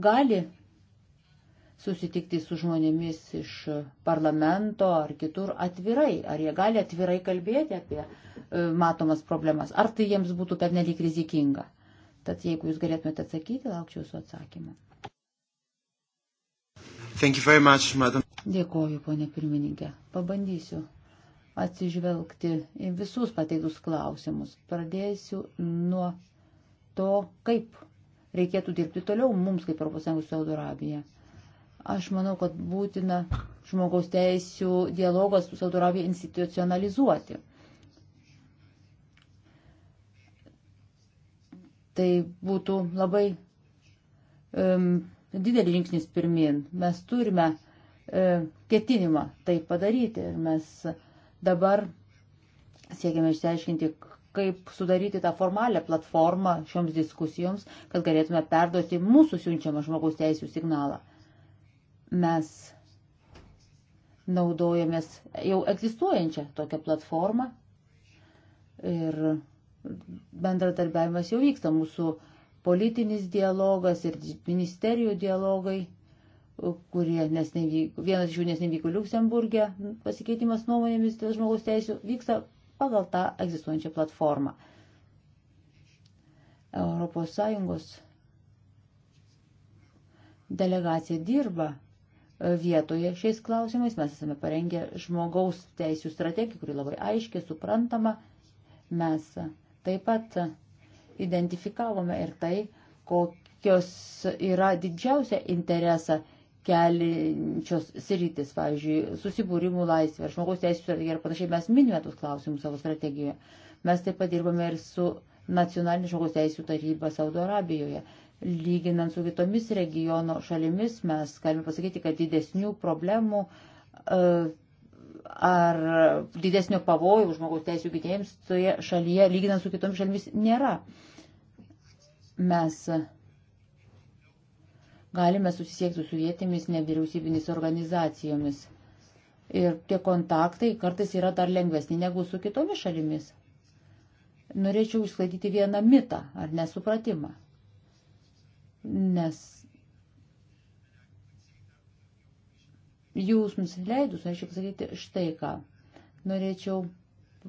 gali susitikti su žmonėmis iš parlamento ar kitur atvirai, ar jie gali atvirai kalbėti apie e, matomas problemas, ar tai jiems būtų pernelyg rizikinga. Tad jeigu jūs galėtumėte atsakyti, laukčiau jūsų atsakymą. Much, madam. Dėkoju, ponė pirmininkė. Pabandysiu atsižvelgti į visus pateiktus klausimus. Pradėsiu nuo to, kaip reikėtų dirbti toliau mums kaip ES Saudo Arabija. Aš manau, kad būtina žmogaus teisų dialogas su Saudo Arabija institucionalizuoti. Tai būtų labai um, didelis žingsnis pirmin. Mes turime um, ketinimą tai padaryti ir mes dabar siekiame išsiaiškinti, kaip sudaryti tą formalią platformą šioms diskusijoms, kad galėtume perduoti mūsų siunčiamą žmogaus teisų signalą. Mes naudojamės jau egzistuojančią tokią platformą ir bendradarbiavimas jau vyksta. Mūsų politinis dialogas ir ministerijų dialogai, kurie nesnevyk, vienas iš jų nesnevyko Luksemburgė, pasikeitimas nuomonėmis dėl žmogaus teisų vyksta pagal tą egzistuojančią platformą. Europos Sąjungos delegacija dirba vietoje šiais klausimais. Mes esame parengę žmogaus teisų strategiją, kuri labai aiškiai suprantama. Mes taip pat identifikavome ir tai, kokios yra didžiausia interesą keliančios sritis, pavyzdžiui, susibūrimų laisvė, žmogaus teisų strategija ir panašiai. Mes minime tuos klausimus savo strategijoje. Mes taip pat dirbame ir su nacionalinė žmogaus teisų taryba Saudo Arabijoje lyginant su kitomis regiono šalimis, mes galime pasakyti, kad didesnių problemų e, ar didesnio pavojų žmogaus teisų gynėjams toje šalyje, lyginant su kitomis šalimis, nėra. Mes galime susisiekti su vietėmis nevyriausybinis organizacijomis. Ir tie kontaktai kartais yra dar lengvesni negu su kitomis šalimis. Norėčiau išsklaidyti vieną mitą ar nesupratimą nes jūs mums leidus, norėčiau pasakyti štai ką. Norėčiau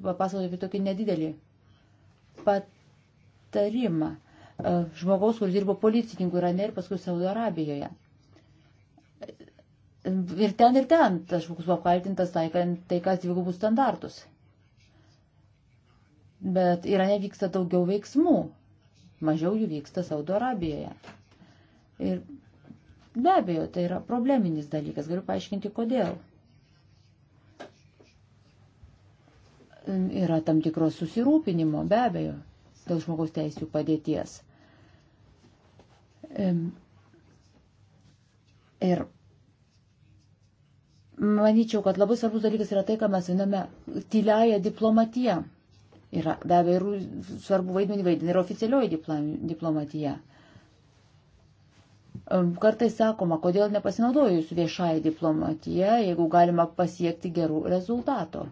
papasakoti apie tokį nedidelį patarimą e, žmogaus, kuris dirbo policininku Irane ir paskui Saudo Arabijoje. Ir ten, ir ten tas žmogus buvo apkaltintas taikant tai, kas dvigubus standartus. Bet Irane vyksta daugiau veiksmų, mažiau jų vyksta Saudo Arabijoje. Ir be abejo, tai yra probleminis dalykas, galiu paaiškinti kodėl. Yra tam tikros susirūpinimo, be abejo, dėl žmogaus teisų padėties. Ir manyčiau, kad labai svarbus dalykas yra tai, ką mes viename tyliaja diplomatija. Yra be abejo ir svarbu vaidmenį vaidina ir oficialioji diplomatija. Kartais sakoma, kodėl nepasinaudojus viešai diplomatija, jeigu galima pasiekti gerų rezultatų.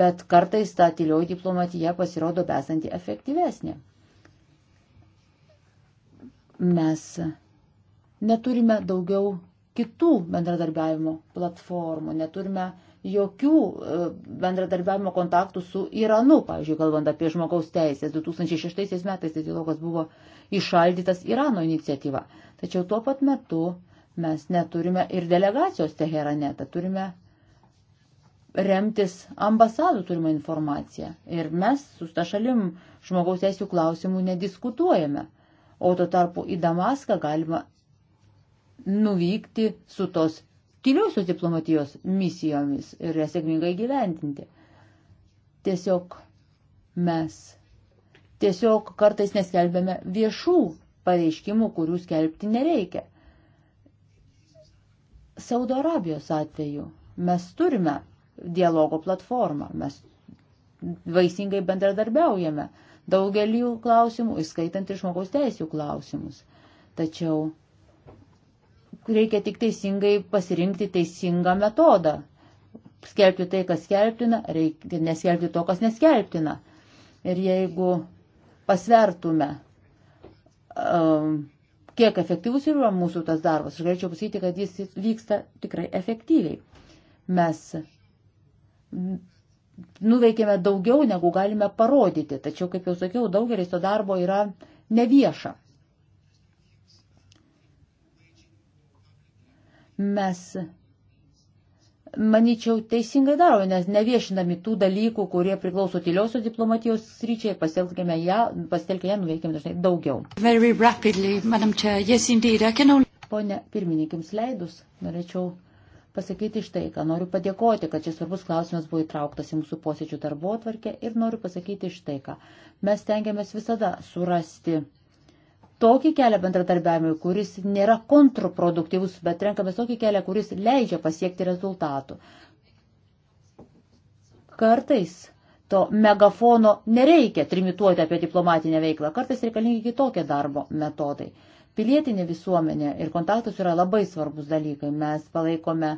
Bet kartais ta tylioji diplomatija pasirodo besanti efektyvesnė. Mes neturime daugiau kitų bendradarbiavimo platformų, neturime jokių e, bendradarbiavimo kontaktų su Iranu, pavyzdžiui, kalbant apie žmogaus teisės. 2006 metais tai dialogas buvo išaldytas Irano iniciatyva. Tačiau tuo pat metu mes neturime ir delegacijos Teherane, tad turime remtis ambasadų turimą informaciją. Ir mes su ta šalim žmogaus teisų klausimų nediskutuojame. O tuo tarpu į Damaską galima nuvykti su tos tyliosios diplomatijos misijomis ir jas sėkmingai gyventinti. Tiesiog mes tiesiog kartais neskelbėme viešų pareiškimų, kurių skelbti nereikia. Saudo Arabijos atveju mes turime dialogo platformą, mes vaisingai bendradarbiaujame daugelį klausimų, įskaitant ir žmogaus teisų klausimus. Tačiau reikia tik teisingai pasirinkti teisingą metodą. Skelbti tai, kas skelbtina, reikia neskelbti to, kas neskelbtina. Ir jeigu pasvertume Ehm, kiek efektyvus yra mūsų tas darbas. Aš galėčiau pasakyti, kad jis vyksta tikrai efektyviai. Mes nuveikėme daugiau, negu galime parodyti, tačiau, kaip jau sakiau, daugelis to darbo yra nevieša. Mes manyčiau, teisingai daro, nes neviešinami tų dalykų, kurie priklauso tyliosios diplomatijos sryčiai, pasitelkime ją, pasitelkime ją, nuveikime dažnai daugiau. Rapidly, yes, only... Pone pirmininkams leidus, norėčiau pasakyti štai, ką noriu padėkoti, kad šis svarbus klausimas buvo įtrauktas į mūsų posėdžių darbo atvarkę ir noriu pasakyti štai, ką mes tengiamės visada surasti tokį kelią bendradarbiavimui, kuris nėra kontraproduktyvus, bet renkamės tokį kelią, kuris leidžia pasiekti rezultatų. Kartais to megafono nereikia trimituoti apie diplomatinę veiklą, kartais reikalingi kitokie darbo metodai. Pilietinė visuomenė ir kontaktus yra labai svarbus dalykai. Mes palaikome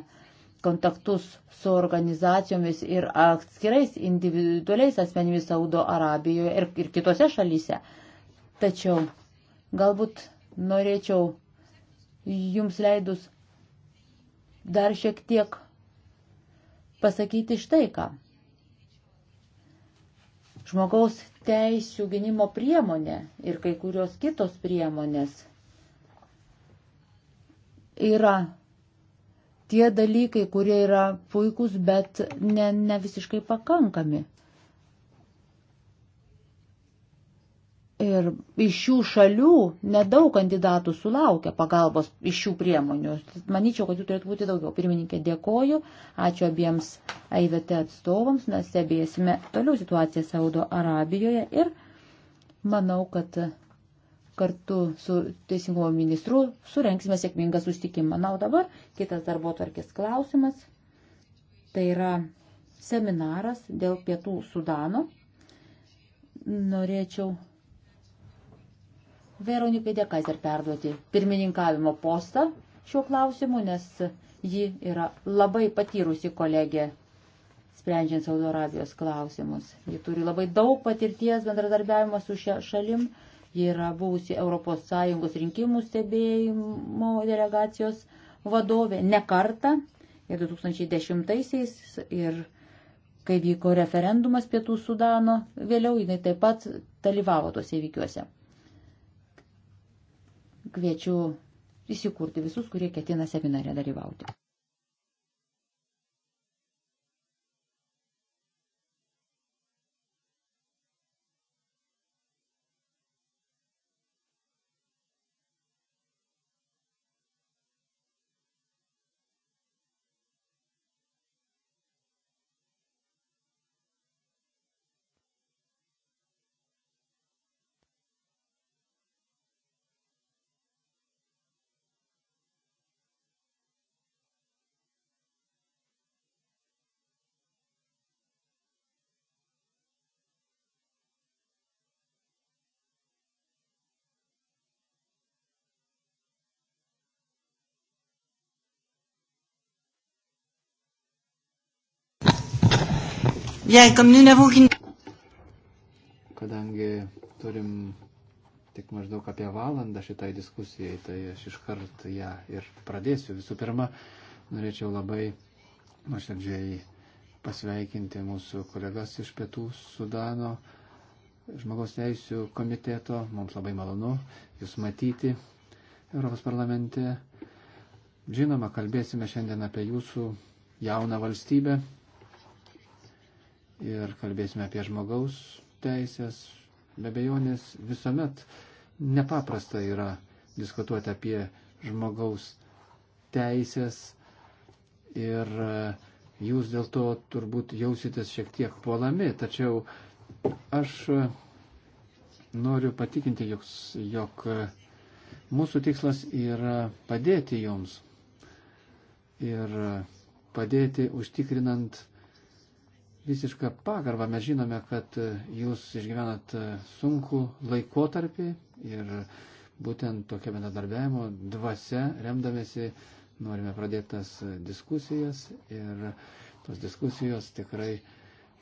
kontaktus su organizacijomis ir atskirais individualiais asmenimis Saudo Arabijoje ir, ir kitose šalyse. Tačiau Galbūt norėčiau jums leidus dar šiek tiek pasakyti štai ką. Žmogaus teisų gynimo priemonė ir kai kurios kitos priemonės yra tie dalykai, kurie yra puikūs, bet ne, ne visiškai pakankami. Ir iš šių šalių nedaug kandidatų sulaukia pagalbos iš šių priemonių. Manyčiau, kad jų turėtų būti daugiau. Pirmininkė, dėkoju. Ačiū abiems AIVT atstovams. Mes stebėsime toliau situaciją Saudo Arabijoje ir manau, kad kartu su teisingumo ministru surenksime sėkmingą sustikimą. Na, o dabar kitas darbo tvarkės klausimas. Tai yra seminaras dėl pietų Sudano. Norėčiau Veronikai Dekaiser perduoti pirmininkavimo postą šiuo klausimu, nes ji yra labai patyrusi kolegė sprendžiant Saudo Arabijos klausimus. Ji turi labai daug patirties bendradarbiavimo su šia šalim. Ji yra buvusi ES rinkimų stebėjimo delegacijos vadovė ne kartą ir 2010-aisiais ir kai vyko referendumas pietų Sudano, vėliau jinai taip pat dalyvavo tose įvykiuose. Kviečiu įsikurti visus, kurie ketina seminare dalyvauti. Bien, comme nous n'avons qu'une... Kadangi turim tik maždaug apie valandą šitai diskusijai, tai aš iškart ją ir pradėsiu. Visų pirma, norėčiau labai nuoširdžiai pasveikinti mūsų kolegas iš Pietų Sudano žmogaus teisų komiteto. Mums labai malonu jūs matyti Europos parlamente. Žinoma, kalbėsime šiandien apie jūsų jauną valstybę, ir kalbėsime apie žmogaus teisės. Be bejonės visuomet nepaprasta yra diskutuoti apie žmogaus teisės ir e, jūs dėl to turbūt jausitės šiek tiek puolami, tačiau aš e, noriu patikinti jūs, jog e, mūsų tikslas yra padėti jums ir padėti užtikrinant visišką pagarbą. Mes žinome, kad jūs išgyvenat sunku laikotarpį ir būtent tokia bendradarbiavimo dvasia remdamėsi norime pradėti tas diskusijas ir tos diskusijos tikrai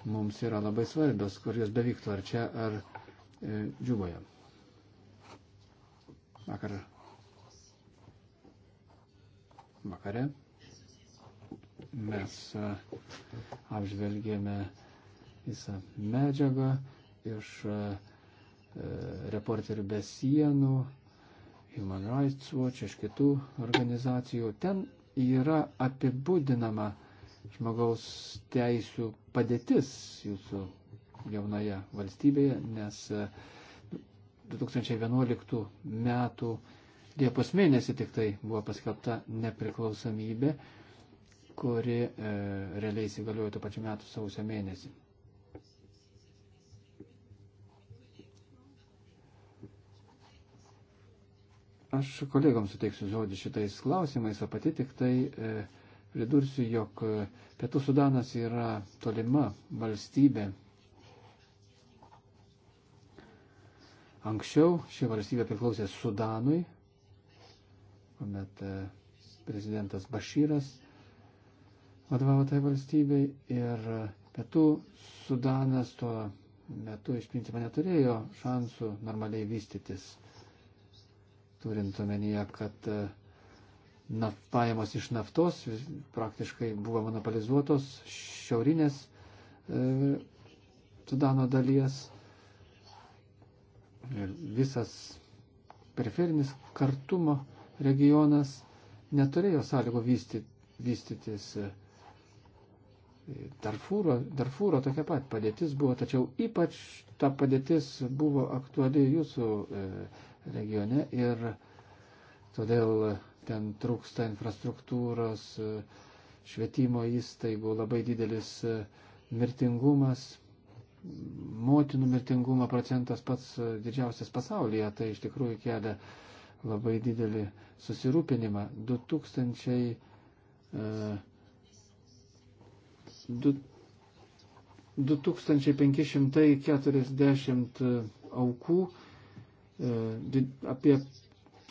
mums yra labai svarbios, kur jos bevyktų, ar čia, ar e, džiuboje. Vakar. Vakare. vakare mes e, apžvelgėme visą medžiagą iš e, e, reporterių be sienų, Human Rights Watch, iš kitų organizacijų. Ten yra apibūdinama žmogaus teisų padėtis jūsų jaunoje valstybėje, nes 2011 metų Liepos mėnesį tik tai buvo paskelbta nepriklausomybė kuri e, realiai įsigaliojo tuo pačiu metu sausio mėnesį. Aš kolegams suteiksiu žodį šitais klausimais, o pati tik tai e, pridursiu, jog e, Pietų Sudanas yra tolima valstybė. Anksčiau ši valstybė priklausė Sudanui, kuomet e, prezidentas Bašyras vadovavo tai valstybei ir pietų Sudanas tuo metu iš principo neturėjo šansų normaliai vystytis, turint omenyje, kad e, naf, pajamos iš naftos praktiškai buvo monopolizuotos šiaurinės e, Sudano dalies ir visas periferinis kartumo regionas neturėjo sąlygo vystyti, vystytis. E, Darfūro, Darfūro tokia pat padėtis buvo, tačiau ypač ta padėtis buvo aktuali jūsų e, regione ir todėl ten trūksta infrastruktūros, e, švietimo įstaigų, labai didelis e, mirtingumas, motinų mirtingumo procentas pats didžiausias pasaulyje, tai iš tikrųjų kelia labai didelį susirūpinimą. 2000 e, 2540 aukų, e, apie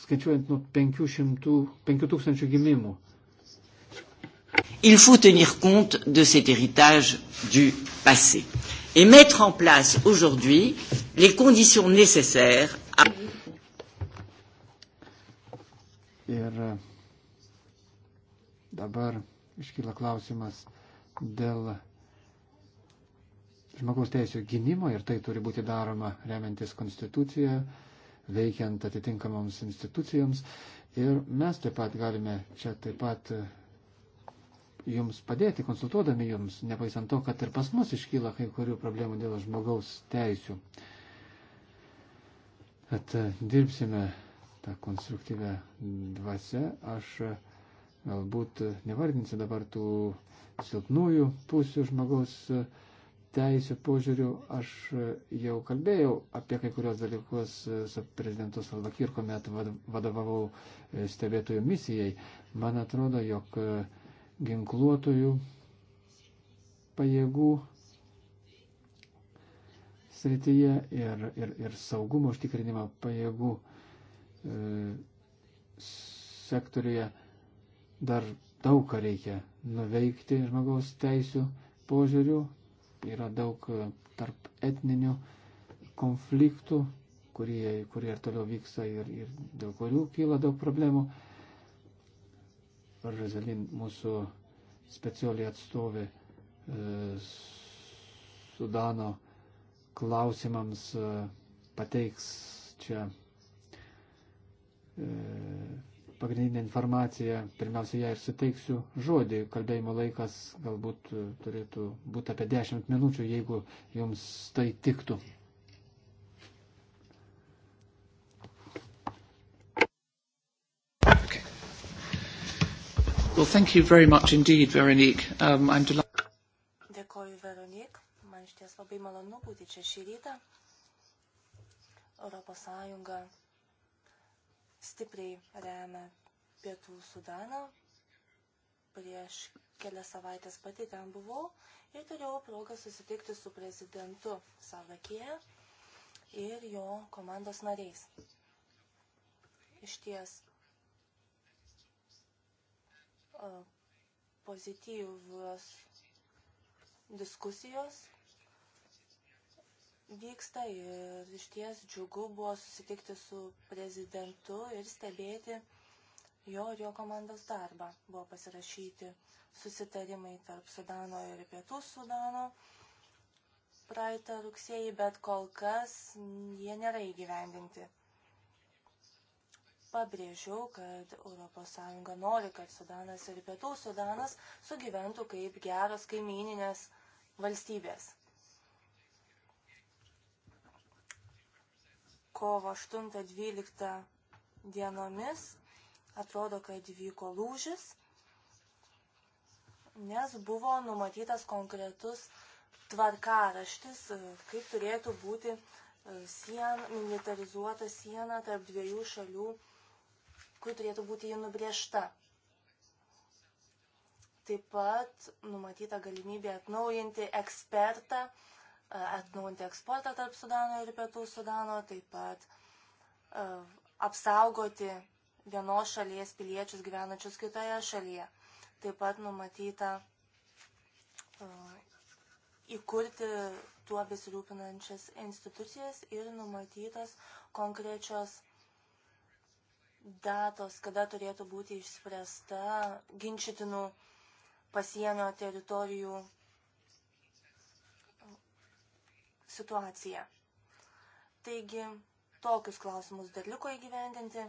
skaičiuojant nuo 500, 5000 gimimų. Il faut tenir compte de cet héritage du passé et mettre en place aujourd'hui les conditions nécessaires à. Ir e, dabar iškyla klausimas, dėl žmogaus teisų gynimo ir tai turi būti daroma remiantis konstituciją, veikiant atitinkamoms institucijoms. Ir mes taip pat galime čia taip pat jums padėti, konsultuodami jums, nepaisant to, kad ir pas mus iškyla kai kurių problemų dėl žmogaus teisių. Kad dirbsime tą konstruktyvę dvasę, aš Galbūt nevardinsiu dabar tų silpnųjų pusių žmogaus teisų požiūrių. Aš jau kalbėjau apie kai kurios dalykus su prezidentu Salvakir, kuomet vadovavau stebėtojų misijai. Man atrodo, jog ginkluotojų pajėgų srityje ir, ir, ir saugumo užtikrinimo pajėgų e, sektoriuje Dar daug ką reikia nuveikti žmogaus teisų požiūrių. Yra daug e, tarp etninių konfliktų, kurie, kurie ir toliau vyksta ir, ir dėl kurių kyla daug problemų. Rosalin, mūsų specialiai atstovė e, Sudano klausimams e, pateiks čia e, pagrindinę informaciją, pirmiausia, ją ir suteiksiu žodį. Kalbėjimo laikas galbūt turėtų būti apie 10 minučių, jeigu jums tai tiktų. Okay. Well, thank you very much indeed, Veronique. Um, I'm delighted. Dėkoju, Veronique. Man iš ties labai malonu būti čia šį rytą. Europos Sąjunga stipriai remia Pietų Sudaną. Prieš kelias savaitės pati ten buvau ir turėjau progą susitikti su prezidentu Salakėje ir jo komandos nariais. Iš ties pozityvus diskusijos vyksta ir iš ties džiugu buvo susitikti su prezidentu ir stebėti jo ir jo komandos darbą. Buvo pasirašyti susitarimai tarp Sudano ir Pietų Sudano praeitą rugsėjį, bet kol kas jie nėra įgyvendinti. Pabrėžiau, kad ES nori, kad Sudanas ir Pietų Sudanas sugyventų kaip geros kaimininės valstybės. kovo 8-12 dienomis atrodo, kad vyko lūžis, nes buvo numatytas konkretus tvarkaraštis, kaip turėtų būti e, sien, militarizuota siena tarp dviejų šalių, kur turėtų būti ji nubriežta. Taip pat numatyta galimybė atnaujinti ekspertą, E, atnaujinti eksportą tarp Sudano ir Pietų Sudano, taip pat e, apsaugoti vienos šalies piliečius gyvenančius kitoje šalyje. Taip pat numatyta e, įkurti tuo besirūpinančias institucijas ir numatytas konkrečios datos, kada turėtų būti išspręsta ginčytinų pasienio teritorijų situaciją. Taigi, tokius klausimus dar liko įgyvendinti.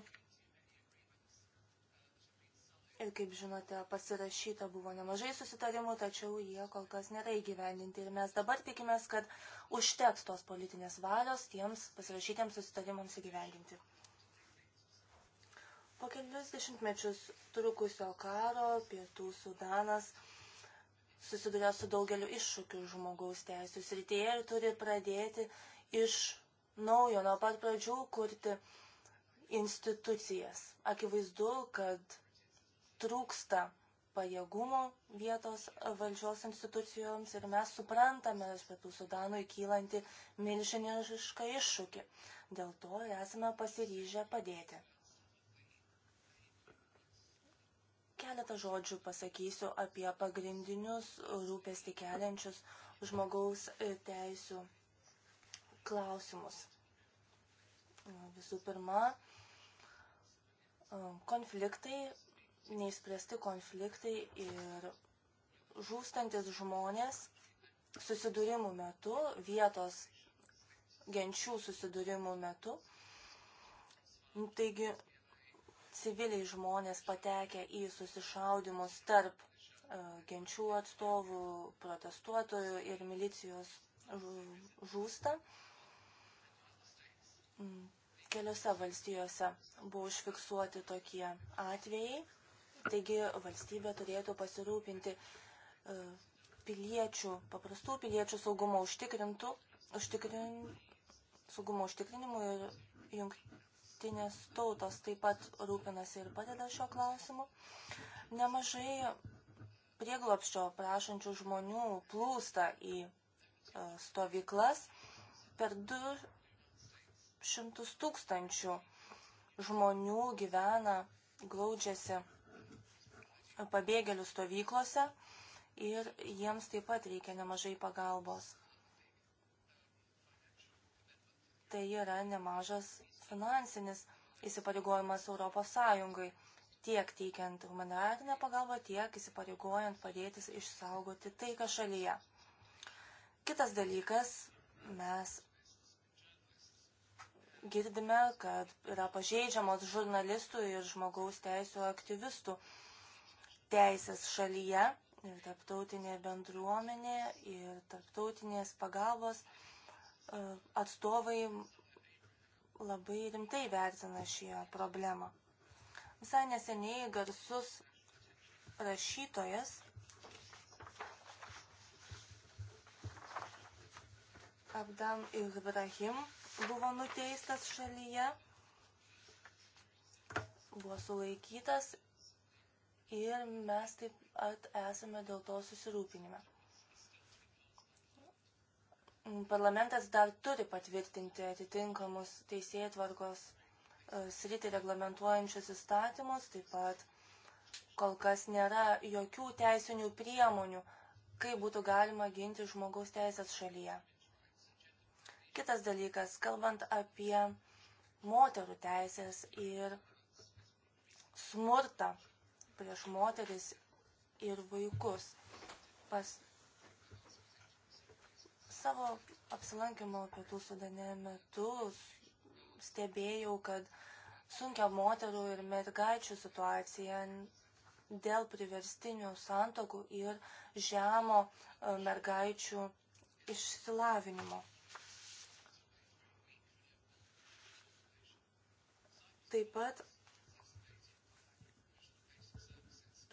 Ir kaip žinote, pasirašyta buvo nemažai susitarimų, tačiau jie kol kas nėra įgyvendinti. Ir mes dabar tikimės, kad užteks tos politinės valios tiems pasirašytiems susitarimams įgyvendinti. Po kelius dešimtmečius trukusio karo pietų Sudanas susiduria su daugeliu iššūkių žmogaus teisų srityje ir turi pradėti iš naujo, nuo pat pradžių kurti institucijas. Akivaizdu, kad trūksta pajėgumo vietos valdžios institucijoms ir mes suprantame iš pietų Sudano įkylantį milžinišką iššūkį. Dėl to esame pasiryžę padėti. keletą žodžių pasakysiu apie pagrindinius rūpestį keliančius žmogaus e, teisų klausimus. Visų pirma, e, konfliktai, neįspręsti konfliktai ir žūstantis žmonės susidūrimų metu, vietos genčių susidūrimų metu. Taigi civiliai žmonės patekę į susišaudimus tarp e, genčių atstovų, protestuotojų ir milicijos žūsta. Mm, keliose valstijose buvo užfiksuoti tokie atvejai, taigi valstybė turėtų pasirūpinti e, piliečių, paprastų piliečių saugumo užtikrintų, užtikrin, saugumo užtikrinimu ir jungtinių jungtinės tautos taip pat rūpinasi ir padeda šio klausimu. Nemažai prieglopščio prašančių žmonių plūsta į e, stovyklas per 200 tūkstančių žmonių gyvena, glaudžiasi pabėgėlių stovyklose ir jiems taip pat reikia nemažai pagalbos tai yra nemažas finansinis įsipareigojimas Europos Sąjungai, tiek teikiant humanitarinę pagalbą, tiek įsipareigojant padėti išsaugoti taiką šalyje. Kitas dalykas, mes girdime, kad yra pažeidžiamos žurnalistų ir žmogaus teisų aktyvistų teisės šalyje ir tarptautinė bendruomenė ir tarptautinės pagalbos E, atstovai labai rimtai vertina šią problemą. Visai neseniai garsus rašytojas Abdam Ibrahim buvo nuteistas šalyje, buvo sulaikytas ir mes taip pat esame dėl to susirūpinime. Mm, parlamentas dar turi patvirtinti atitinkamus teisėtvarkos e, sritį reglamentuojančius įstatymus, taip pat kol kas nėra jokių teisinių priemonių, kaip būtų galima ginti žmogaus teisės šalyje. Kitas dalykas, kalbant apie moterų teisės ir smurtą prieš moteris ir vaikus. Pas, Savo apsilankimo pietų sudane metu stebėjau, kad sunkia moterų ir mergaičių situacija dėl priverstinių santokų ir žemo e, mergaičių išsilavinimo. Taip pat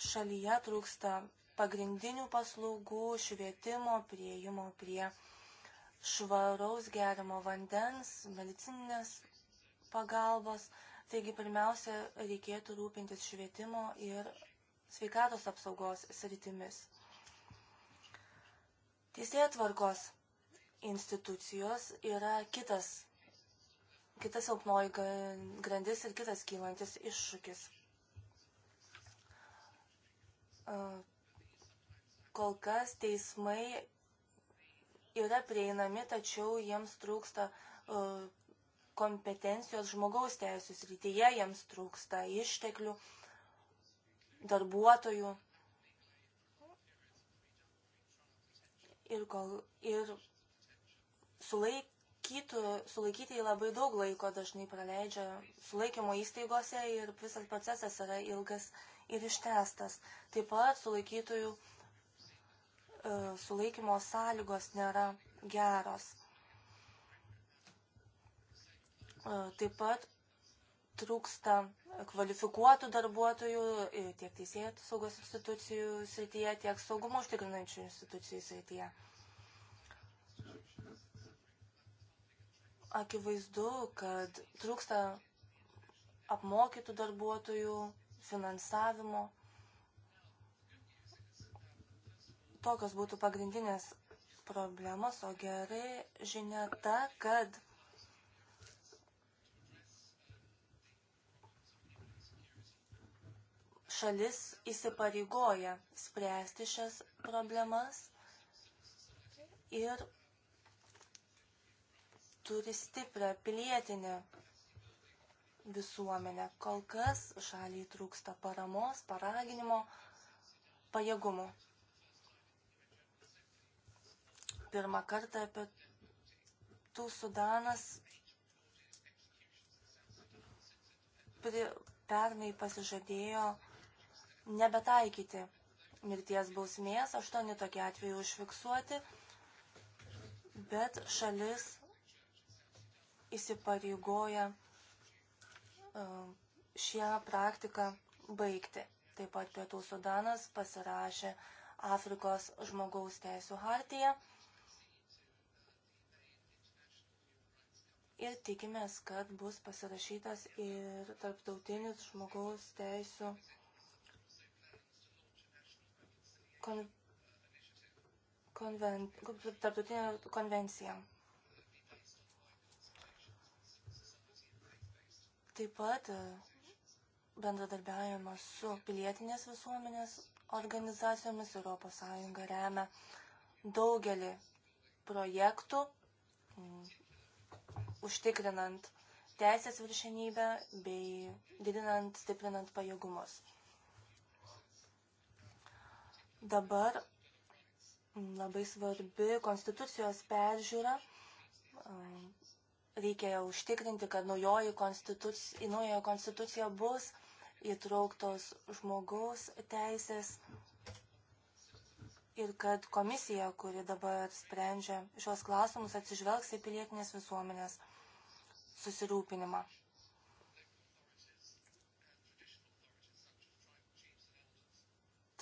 šalyje trūksta pagrindinių paslaugų, švietimo, prieimo prie švaraus gerimo vandens, medicininės pagalbos. Taigi pirmiausia, reikėtų rūpintis švietimo ir sveikatos apsaugos sritimis. Teisėtvarkos institucijos yra kitas, kitas silpnoji grandis ir kitas kylantis iššūkis. Kol kas teismai yra prieinami, tačiau jiems trūksta e, kompetencijos žmogaus teisų srityje, jiems trūksta išteklių, darbuotojų. Ir, kol, ir sulaikytų, sulaikyti labai daug laiko dažnai praleidžia sulaikymo įstaigose ir visas procesas yra ilgas ir ištestas. Taip pat sulaikytųjų E, sulaikymo sąlygos nėra geros. E, taip pat trūksta kvalifikuotų darbuotojų e, tiek teisėjų saugos institucijų srityje, tiek saugumo užtikrinančių institucijų srityje. Akivaizdu, kad trūksta apmokytų darbuotojų, finansavimo. Tokios būtų pagrindinės problemos, o gerai žinia ta, kad šalis įsipareigoja spręsti šias problemas ir turi stiprią pilietinę visuomenę. Kol kas šaliai trūksta paramos, paraginimo, pajėgumo. pirmą kartą pietų Sudanas pri, pernai pasižadėjo nebetaikyti mirties bausmės, aštuoni tokie atvejai užfiksuoti, bet šalis įsipareigoja e, šią praktiką baigti. Taip pat Pietų Sudanas pasirašė Afrikos žmogaus teisų hartiją. ir tikimės, kad bus pasirašytas ir tarptautinis žmogaus teisų kon, konven, tarptautinė konvencija. Taip pat e, bendradarbiavimą su pilietinės visuomenės organizacijomis ES remia daugelį projektų užtikrinant teisės viršenybę bei didinant, stiprinant pajėgumus. Dabar labai svarbi konstitucijos peržiūra. Reikia užtikrinti, kad naujoji konstitucija, į naują konstituciją bus įtrauktos žmogaus teisės ir kad komisija, kuri dabar sprendžia šios klausimus, atsižvelgs į pilietinės visuomenės susirūpinimą.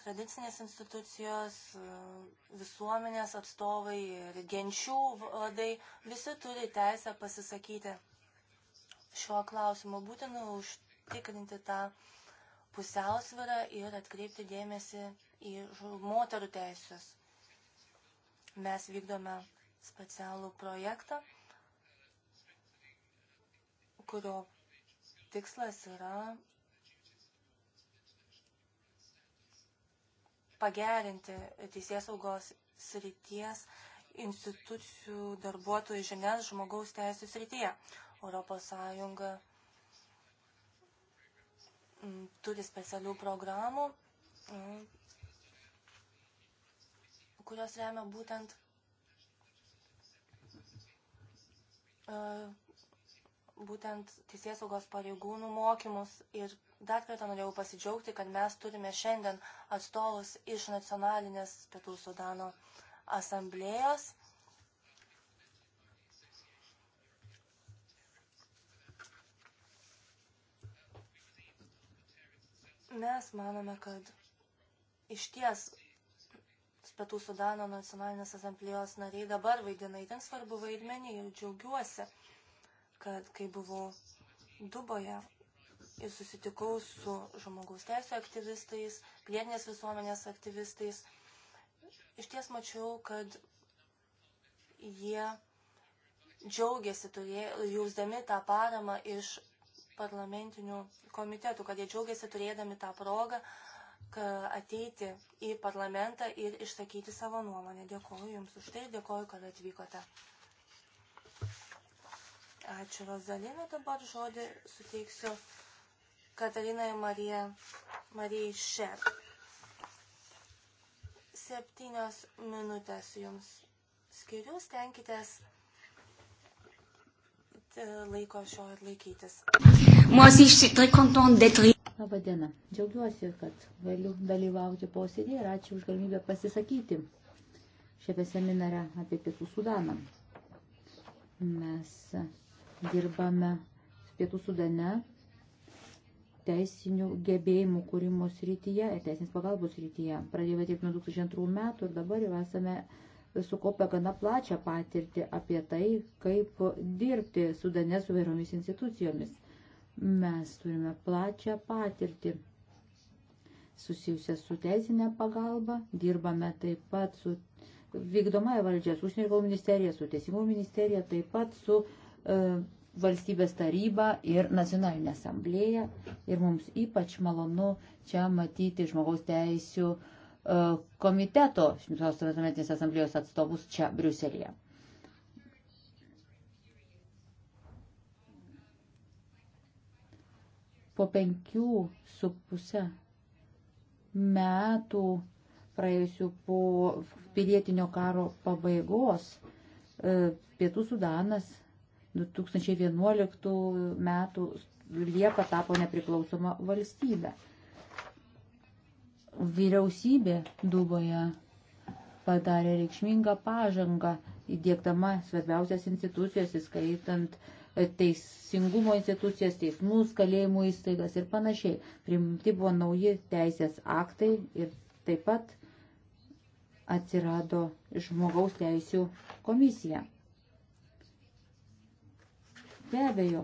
Tradicinės institucijos, visuomenės atstovai ir genčių vadai visi turi teisę pasisakyti šiuo klausimu. Būtina užtikrinti tą pusiausvyrą ir atkreipti dėmesį į moterų teisės. Mes vykdome specialų projektą kurio tikslas yra pagerinti teisėsaugos srities institucijų darbuotojų žinias žmogaus teisų srityje. Europos Sąjunga mm, turi specialių programų, mm, kurios remia būtent e, būtent teisėsaugos pareigūnų mokymus ir dar kartą norėjau pasidžiaugti, kad mes turime šiandien atstovus iš nacionalinės Pietų Sudano asamblėjos. Mes manome, kad iš ties Pietų Sudano nacionalinės asamblėjos nariai dabar vaidina įtin svarbu vaidmenį ir džiaugiuosi kad kai buvau Duboje ir susitikau su žmogaus teisų aktyvistais, pilietinės visuomenės aktyvistais, iš ties mačiau, kad jie džiaugiasi turė, jausdami tą paramą iš parlamentinių komitetų, kad jie džiaugiasi turėdami tą progą ateiti į parlamentą ir išsakyti savo nuomonę. Dėkoju Jums už tai, dėkoju, kad atvykote. Ačiū Rozalina, dabar žodį suteiksiu Katarinai Marija, Marijai Šer. Septynios minutės jums skiriu, stenkitės laiko šio atlaikytis. Labadiena, džiaugiuosi, kad galiu dalyvauti posėdėje ir ačiū už galimybę pasisakyti šiame seminare apie Pietų Sudaną. Mes dirbame Pietų Sudane teisinių gebėjimų kūrimo srityje ir teisinės pagalbos srityje. Pradėjome dirbti nuo 2002 metų ir dabar jau esame sukopę gana plačią patirtį apie tai, kaip dirbti Sudane su vairomis institucijomis. Mes turime plačią patirtį susijusią su teisinė pagalba, dirbame taip pat su vykdomąją valdžią, su užsienio reikalų ministerija, su teisingumo ministerija, taip pat su uh, E, valstybės tarybą ir nacionalinę asamblėją. Ir mums ypač malonu čia matyti žmogaus teisų e, komiteto Šimtos visuometinės asamblėjos atstovus čia Briuselėje. Po penkių su pusę metų praėjusių po pilietinio karo pabaigos e, Pietų Sudanas 2011 metų Liepa tapo nepriklausoma valstybė. Vyriausybė Duboje padarė reikšmingą pažangą, įdėkdama svarbiausias institucijas, įskaitant e, teisingumo institucijas, teismus, kalėjimų įstaigas ir panašiai. Primti buvo nauji teisės aktai ir taip pat atsirado žmogaus teisų komisija. Be abejo,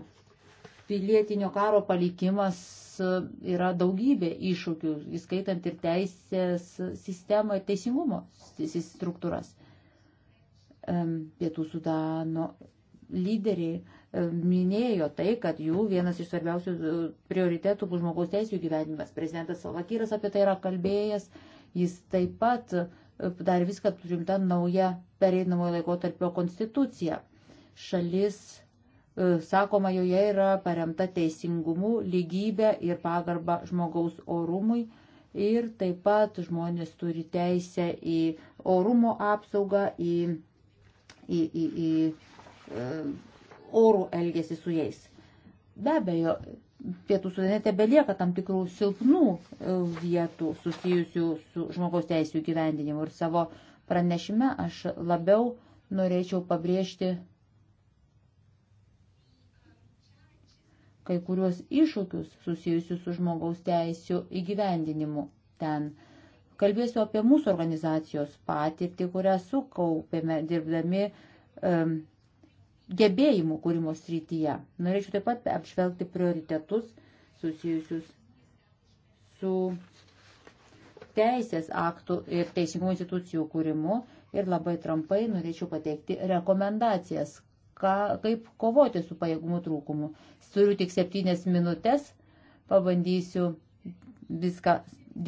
pilietinio karo palikimas e, yra daugybė iššūkių, įskaitant ir teisės sistemą ir teisingumo struktūras. Pietų Sudano lyderiai e, minėjo tai, kad jų vienas iš svarbiausių e, prioritetų bus žmogaus teisų gyvenimas. Prezidentas Salvakyras apie tai yra kalbėjęs. Jis taip pat dar viską turimta nauja pereinamojo laiko tarpio konstitucija. Šalis E, sakoma, joje yra paremta teisingumu, lygybė ir pagarba žmogaus orumui. Ir taip pat žmonės turi teisę į orumo apsaugą, į, į, į, į e, orų elgesį su jais. Be abejo, pietų sudane tebelieka tam tikrų silpnų e, vietų susijusių su žmogaus teisų gyvendinimu. Ir savo pranešime aš labiau norėčiau pabrėžti kai kuriuos iššūkius susijusius su žmogaus teisų įgyvendinimu ten. Kalbėsiu apie mūsų organizacijos patirtį, kurią sukaupėme dirbdami um, gebėjimų kūrimo srityje. Norėčiau taip pat apžvelgti prioritetus susijusius su teisės aktų ir teisingų institucijų kūrimu ir labai trumpai norėčiau pateikti rekomendacijas, ką, kaip kovoti su pajėgumų trūkumu. Turiu tik septynias minutės, pabandysiu viską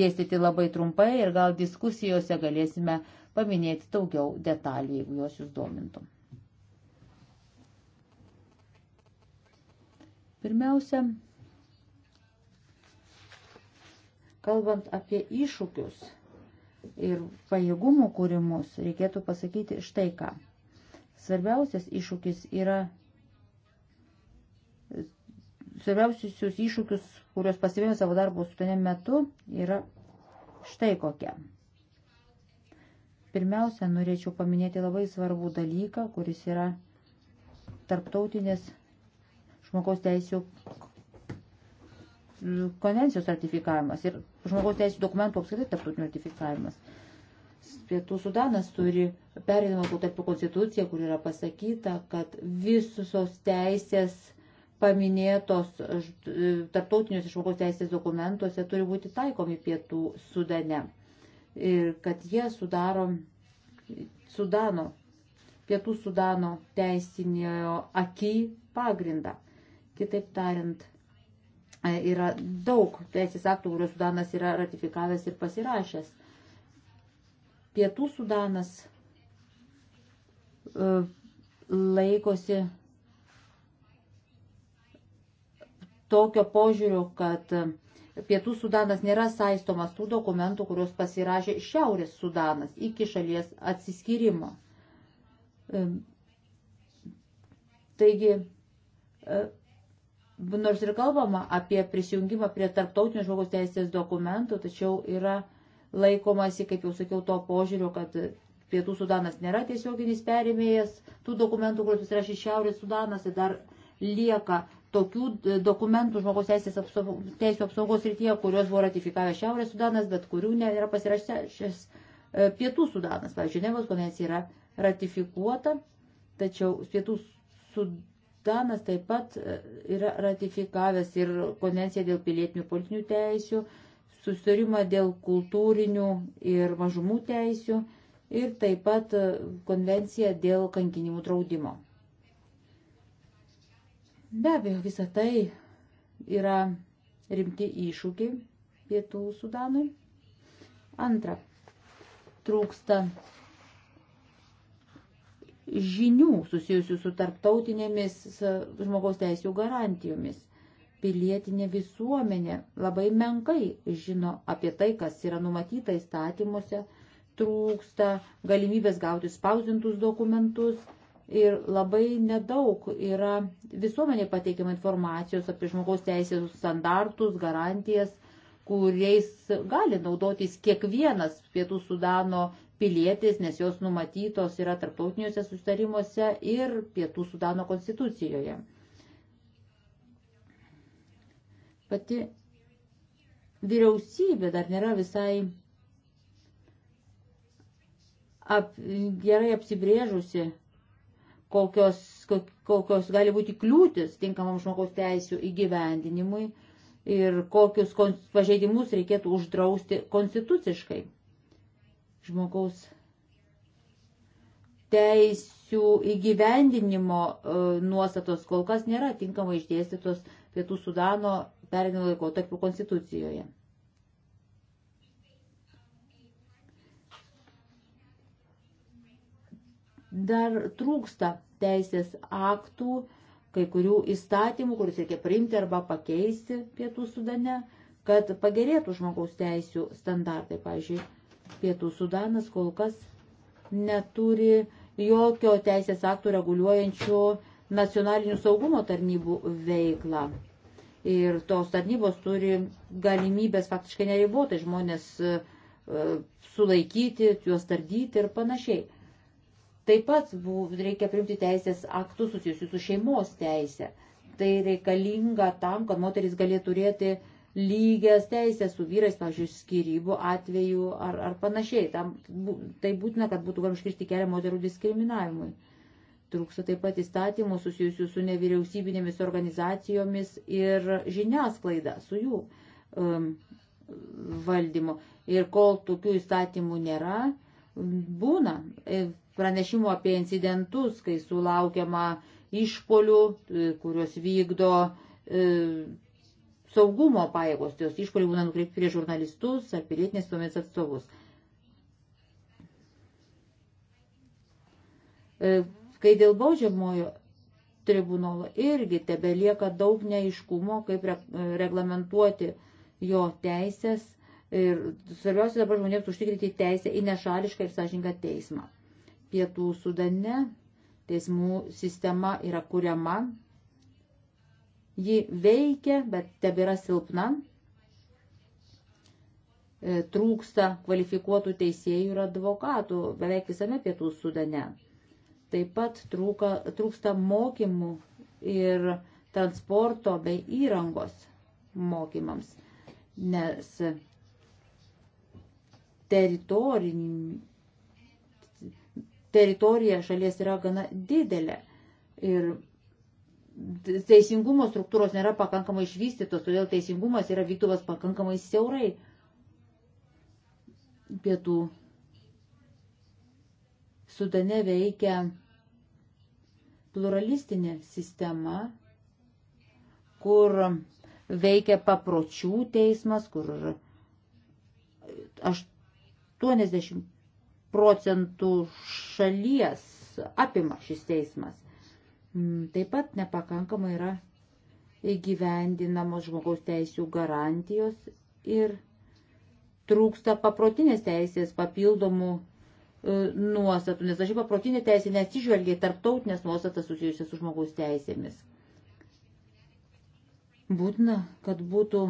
dėstyti labai trumpai ir gal diskusijose galėsime paminėti daugiau detalių, jeigu jos jūs domintų. Pirmiausia, kalbant apie iššūkius ir pajėgumų kūrimus, reikėtų pasakyti štai ką – Svarbiausias iššūkis yra svarbiausius iššūkius, kuriuos pastebėjome savo darbo sutanėm metu, yra štai kokia. Pirmiausia, norėčiau paminėti labai svarbų dalyką, kuris yra tarptautinės žmogaus teisų konvencijos ratifikavimas ir žmogaus teisų dokumentų apskritai tarptautinių ratifikavimas. Pietų Sudanas turi perėdamą tarpų konstituciją, kur yra pasakyta, kad visos teisės paminėtos e, tarptautiniuose žmogaus teisės dokumentuose turi būti taikomi Pietų Sudane. Ir kad jie sudaro Sudano, Pietų Sudano teisinio akį pagrindą. Kitaip tariant, e, yra daug teisės aktų, kuriuos Sudanas yra ratifikavęs ir pasirašęs. Pietų Sudanas e, laikosi tokio požiūrio, kad Pietų Sudanas nėra saistomas tų dokumentų, kuriuos pasirašė Šiaurės Sudanas iki šalies atsiskyrimo. E, taigi, e, nors ir kalbama apie prisijungimą prie tarptautinių žmogaus teisės dokumentų, tačiau yra uh, laikomasi, kaip jau sakiau, to požiūrio, kad Pietų Sudanas nėra tiesioginis perėmėjas tų dokumentų, kuriuos pasirašė Šiaurės Sudanas ir tai dar lieka tokių dokumentų žmogaus teisės apsaugos, teisų apsaugos rytyje, kuriuos buvo ratifikavę Šiaurės Sudanas, bet kurių nėra pasirašęs e, Pietų Sudanas. Pavyzdžiui, Nevos konvencija yra ratifikuota, tačiau Pietų Sudanas taip pat e, yra ratifikavęs ir konvenciją dėl pilietinių politinių teisių, susitarimą dėl kultūrinių ir mažumų teisių ir taip pat e, konvenciją dėl kankinimų draudimo. Be abejo, visa tai yra rimti iššūkiai pietų Sudanui. Antra, trūksta žinių susijusių su tarptautinėmis žmogaus teisų garantijomis pilietinė visuomenė labai menkai žino apie tai, kas yra numatyta įstatymuose, trūksta galimybės gauti spausdintus dokumentus ir labai nedaug yra visuomenė pateikiama informacijos apie žmogaus teisės standartus, garantijas, kuriais gali naudotis kiekvienas pietų sudano pilietis, nes jos numatytos yra tarptautiniuose sustarimuose ir pietų sudano konstitucijoje. Pati vyriausybė dar nėra visai ap, gerai apsibrėžusi, kokios, kok, kokios gali būti kliūtis tinkamam žmogaus teisų įgyvendinimui ir kokius pažeidimus reikėtų uždrausti konstituciškai. Žmogaus teisų įgyvendinimo e, nuostatos kol kas nėra tinkamai išdėstytos Pietų Sudano perinimo laikotarpio konstitucijoje. Dar trūksta teisės aktų, kai kurių įstatymų, kuris reikia priimti arba pakeisti pietų sudane, kad pagerėtų žmogaus teisų standartai. Pavyzdžiui, pietų sudanas kol kas neturi jokio teisės aktų reguliuojančių nacionalinių saugumo tarnybų veiklą. Ir tos tarnybos turi galimybės faktiškai neribotai žmonės e, e, sulaikyti, juos tardyti ir panašiai. Taip pat reikia primti teisės aktus susijusius su šeimos teisė. Tai reikalinga tam, kad moteris galėtų turėti lygias teisės su vyrais, pavyzdžiui, skirybų atveju ar, ar panašiai. Tam, tai būtina, kad būtų galima iškirsti kelią moterų diskriminavimui. Trūksta taip pat įstatymų susijusių su nevyriausybinėmis organizacijomis ir žiniasklaida, su jų um, valdymu. Ir kol tokių įstatymų nėra, būna e, pranešimų apie incidentus, kai sulaukiama išpolių, e, kuriuos vykdo e, saugumo pajėgos. Jos išpoliai būna nukreipti prie žurnalistus ar pilietinės tuomės atstovus. E, Kai dėl baudžiamojo tribunolo irgi tebe lieka daug neiškumo, kaip re, reglamentuoti jo teisės ir svarbiausia dabar žmonėms užtikrinti teisę į nešališką ir sąžininką teismą. Pietų Sudane teismų sistema yra kuriama, ji veikia, bet tebėra silpna, e, trūksta kvalifikuotų teisėjų ir advokatų beveik visame Pietų Sudane. Taip pat trūka, trūksta mokymų ir transporto bei įrangos mokymams, nes teritorin... teritorija šalies yra gana didelė ir teisingumo struktūros nėra pakankamai išvystytos, todėl teisingumas yra vykdomas pakankamai siaurai. Pietų Sudane veikia pluralistinė sistema, kur veikia papročių teismas, kur 80 procentų šalies apima šis teismas. Mm, taip pat nepakankamai yra įgyvendinamos žmogaus teisų garantijos ir trūksta paprotinės teisės papildomų E, nuostatų, nes dažnai paprotinė teisė neatsižvelgia į tarptautinės nuostatas susijusias su žmogaus teisėmis. Būtina, kad būtų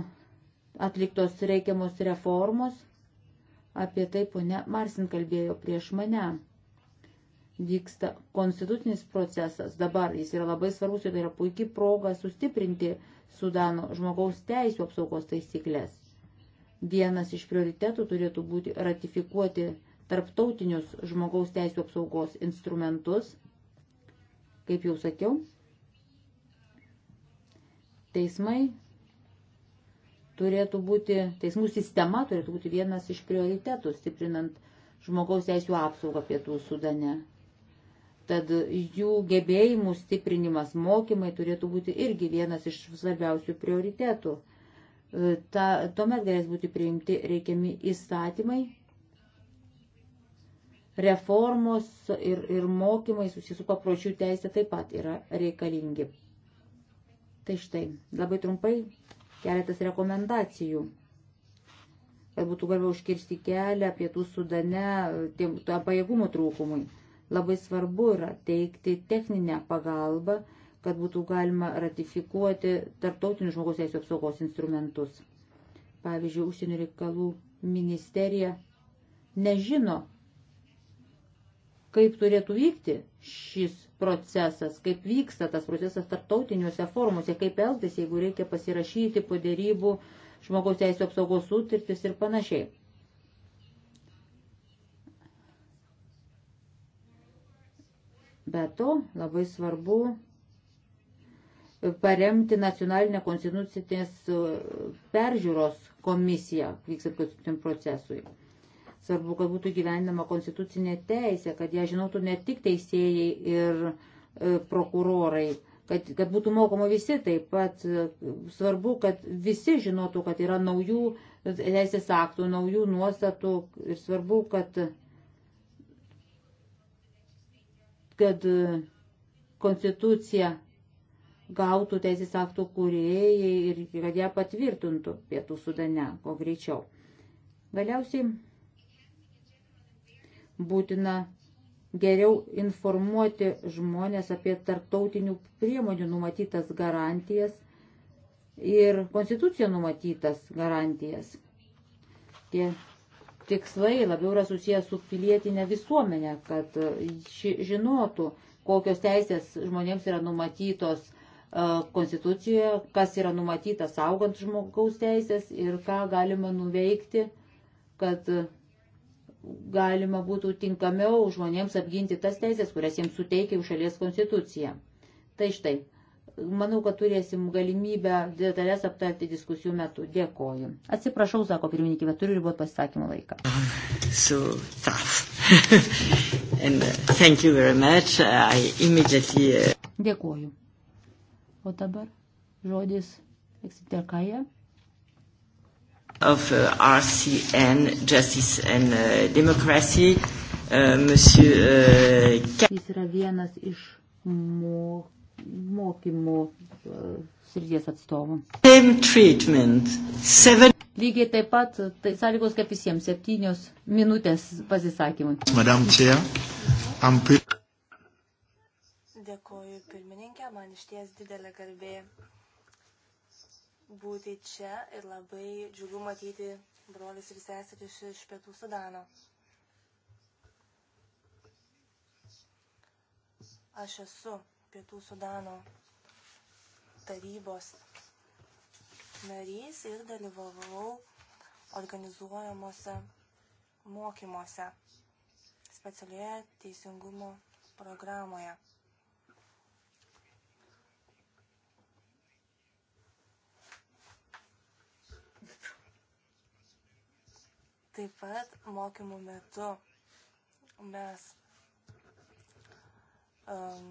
atliktos reikiamos reformos, apie tai ponia Marsin kalbėjo prieš mane. Vyksta konstitucinis procesas, dabar jis yra labai svarbus ir tai yra puikiai proga sustiprinti Sudano žmogaus teisų apsaugos taisyklės. Vienas iš prioritetų turėtų būti ratifikuoti tarptautinius žmogaus teisų apsaugos instrumentus, kaip jau sakiau, teismai turėtų būti, teismų sistema turėtų būti vienas iš prioritetų, stiprinant žmogaus teisų apsaugą pietų sudane. Tad jų gebėjimų stiprinimas, mokymai turėtų būti irgi vienas iš svarbiausių prioritetų. Ta, tuomet galės būti priimti reikiami įstatymai, reformos ir, ir mokymai susijusų papročių teisė taip pat yra reikalingi. Tai štai, labai trumpai keletas rekomendacijų, kad būtų galima užkirsti kelią pietų sudane tam pajėgumų trūkumui. Labai svarbu yra teikti techninę pagalbą, kad būtų galima ratifikuoti tarptautinius žmogaus teisų apsaugos instrumentus. Pavyzdžiui, užsienio reikalų ministerija nežino, kaip turėtų vykti šis procesas, kaip vyksta tas procesas tarptautiniuose formuose, kaip elgtis, jeigu reikia pasirašyti po dėrybų žmogaus teisų apsaugos sutartis ir panašiai. Be to labai svarbu paremti nacionalinę konstitucinės peržiūros komisiją vykstant konstituciniam procesui. Svarbu, kad būtų gyvenama konstitucinė teisė, kad ją žinotų ne tik teisėjai ir e, prokurorai, kad, kad būtų mokoma visi taip pat. Svarbu, kad visi žinotų, kad yra naujų teisės aktų, naujų nuostatų ir svarbu, kad, kad konstitucija gautų teisės aktų kūrėjai ir kad ją patvirtintų pietų sudane, kuo greičiau. Galiausiai Būtina geriau informuoti žmonės apie tarptautinių priemonių numatytas garantijas ir konstituciją numatytas garantijas. Tie tikslai labiau yra susijęs su pilietinė visuomenė, kad ši, žinotų, kokios teisės žmonėms yra numatytos uh, konstitucijoje, kas yra numatyta saugant žmogaus teisės ir ką galima nuveikti, kad uh, galima būtų tinkamiau žmonėms apginti tas teisės, kurias jiems suteikia už šalies konstitucija. Tai štai, manau, kad turėsim galimybę detalės aptarti diskusijų metu. Dėkoju. Atsiprašau, sako pirmininkė, bet turiu ribot pasisakymų laiką. So tough. [laughs] And uh, thank you very much. Uh, I immediately... Uh, Dėkoju. O dabar žodis eksiterkaja of uh, RCN, Justice and uh, Democracy. Uh, monsieur, uh, Jis yra vienas iš mo mokymų uh, srities atstovų. Seven... Lygiai taip pat, tai sąlygos kaip visiems, septynios minutės pasisakymui. Madam Chair, Ampi. Dėkoju pirmininkė, man išties didelė garbė būti čia ir labai džiugu matyti brolius ir seseris iš Pietų Sudano. Aš esu Pietų Sudano tarybos narys ir dalyvavau organizuojamuose mokymuose specialioje teisingumo programoje. Taip pat mokymų metu mes um,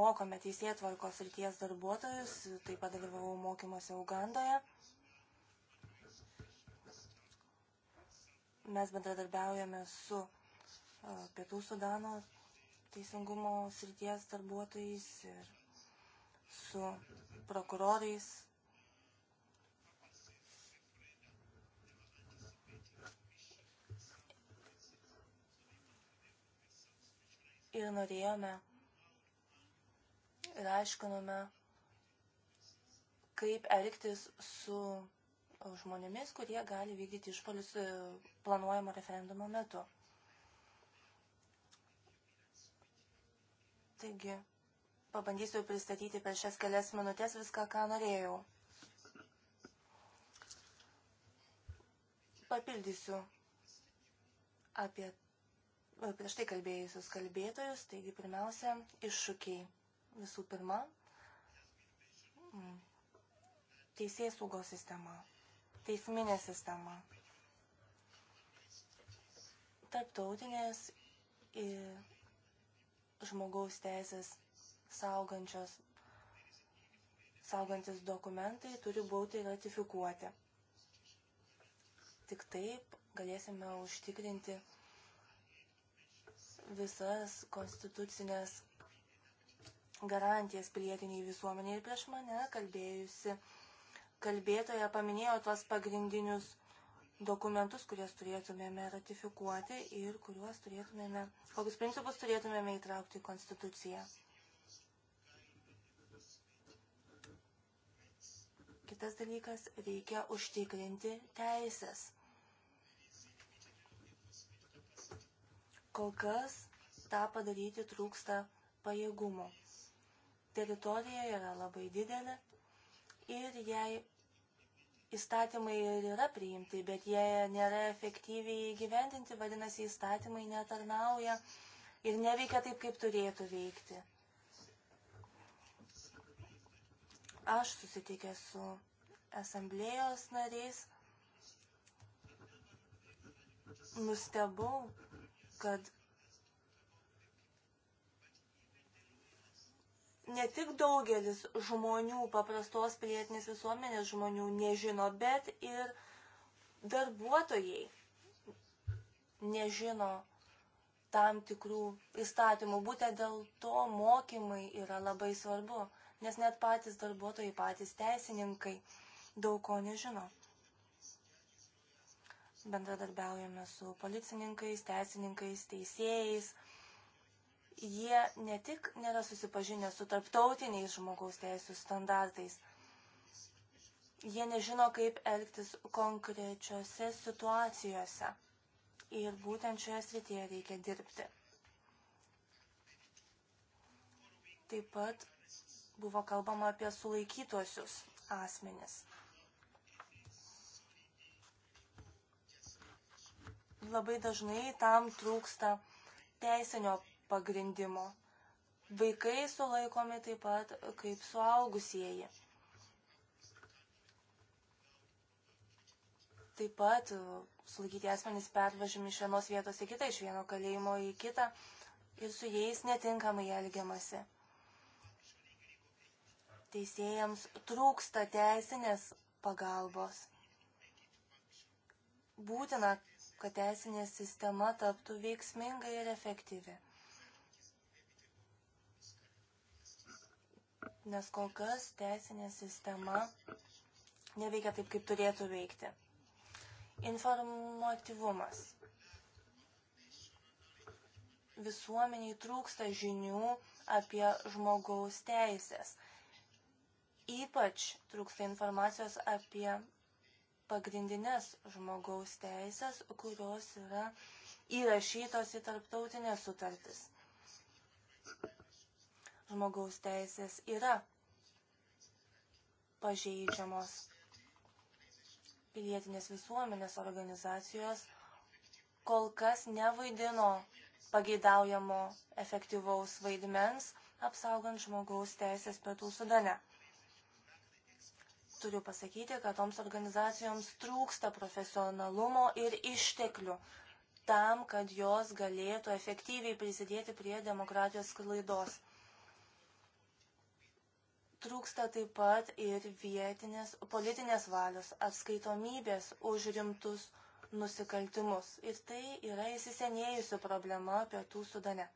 mokome teisėtvarkos ryties darbuotojus, taip pat dalyvavau mokymuose Ugandoje. Mes bendradarbiaujame su uh, Pietų Sudano teisingumo srities darbuotojais ir su prokurorais ir norėjome ir aiškinome, kaip elgtis su žmonėmis, kurie gali vykdyti išpolius e, planuojamo referendumo metu. Taigi, pabandysiu pristatyti per šias kelias minutės viską, ką norėjau. Papildysiu apie prieš tai kalbėjusius kalbėtojus, taigi pirmiausia, iššūkiai. Visų pirma, teisės saugos sistema, teisminė sistema, tarptautinės ir žmogaus teisės saugančios, saugantis dokumentai turi būti ratifikuoti. Tik taip galėsime užtikrinti visas konstitucinės garantijas pilietiniai visuomeniai ir prieš mane kalbėjusi. Kalbėtoja paminėjo tuos pagrindinius dokumentus, kuriuos turėtumėme ratifikuoti ir kuriuos turėtumėme, kokius principus turėtumėme įtraukti į Konstituciją. Kitas dalykas, reikia užtikrinti teisės. Kol kas tą padaryti trūksta pajėgumų. Teritorija yra labai didelė ir jei įstatymai ir yra priimti, bet jie nėra efektyviai įgyvendinti, vadinasi, įstatymai netarnauja ir neveikia taip, kaip turėtų veikti. Aš susitikęs su asamblėjos nariais, nustebau, kad ne tik daugelis žmonių, paprastos pilietinės visuomenės žmonių nežino, bet ir darbuotojai nežino tam tikrų įstatymų. Būtent dėl to mokymai yra labai svarbu, nes net patys darbuotojai, patys teisininkai daug ko nežino bendradarbiaujame su policininkais, teisininkais, teisėjais. Jie ne tik nėra susipažinę su tarptautiniais žmogaus teisų standartais, jie nežino, kaip elgtis konkrečiose situacijose. Ir būtent šioje srityje reikia dirbti. Taip pat buvo kalbama apie sulaikytuosius asmenis. labai dažnai tam trūksta teisinio pagrindimo. Vaikai sulaikomi taip pat kaip suaugusieji. Taip pat sulaikyti asmenys pervažiami iš vienos vietos į kitą, iš vieno kalėjimo į kitą ir su jais netinkamai elgiamasi. Teisėjams trūksta teisinės pagalbos. Būtina, kad teisinė sistema taptų veiksminga ir efektyvi. Nes kol kas teisinė sistema neveikia taip, kaip turėtų veikti. Informatyvumas. Visuomeniai trūksta žinių apie žmogaus teisės. Ypač trūksta informacijos apie pagrindinės žmogaus teisės, kurios yra įrašytos į tarptautinės sutartis. Žmogaus teisės yra pažeidžiamos pilietinės visuomenės organizacijos kol kas nevaidino pageidaujamo efektyvaus vaidmens apsaugant žmogaus teisės pietų sudane turiu pasakyti, kad toms organizacijoms trūksta profesionalumo ir išteklių tam, kad jos galėtų efektyviai prisidėti prie demokratijos klaidos. Trūksta taip pat ir vietinės politinės valios atskaitomybės už rimtus nusikaltimus. Ir tai yra įsisenėjusi problema pietų sudane.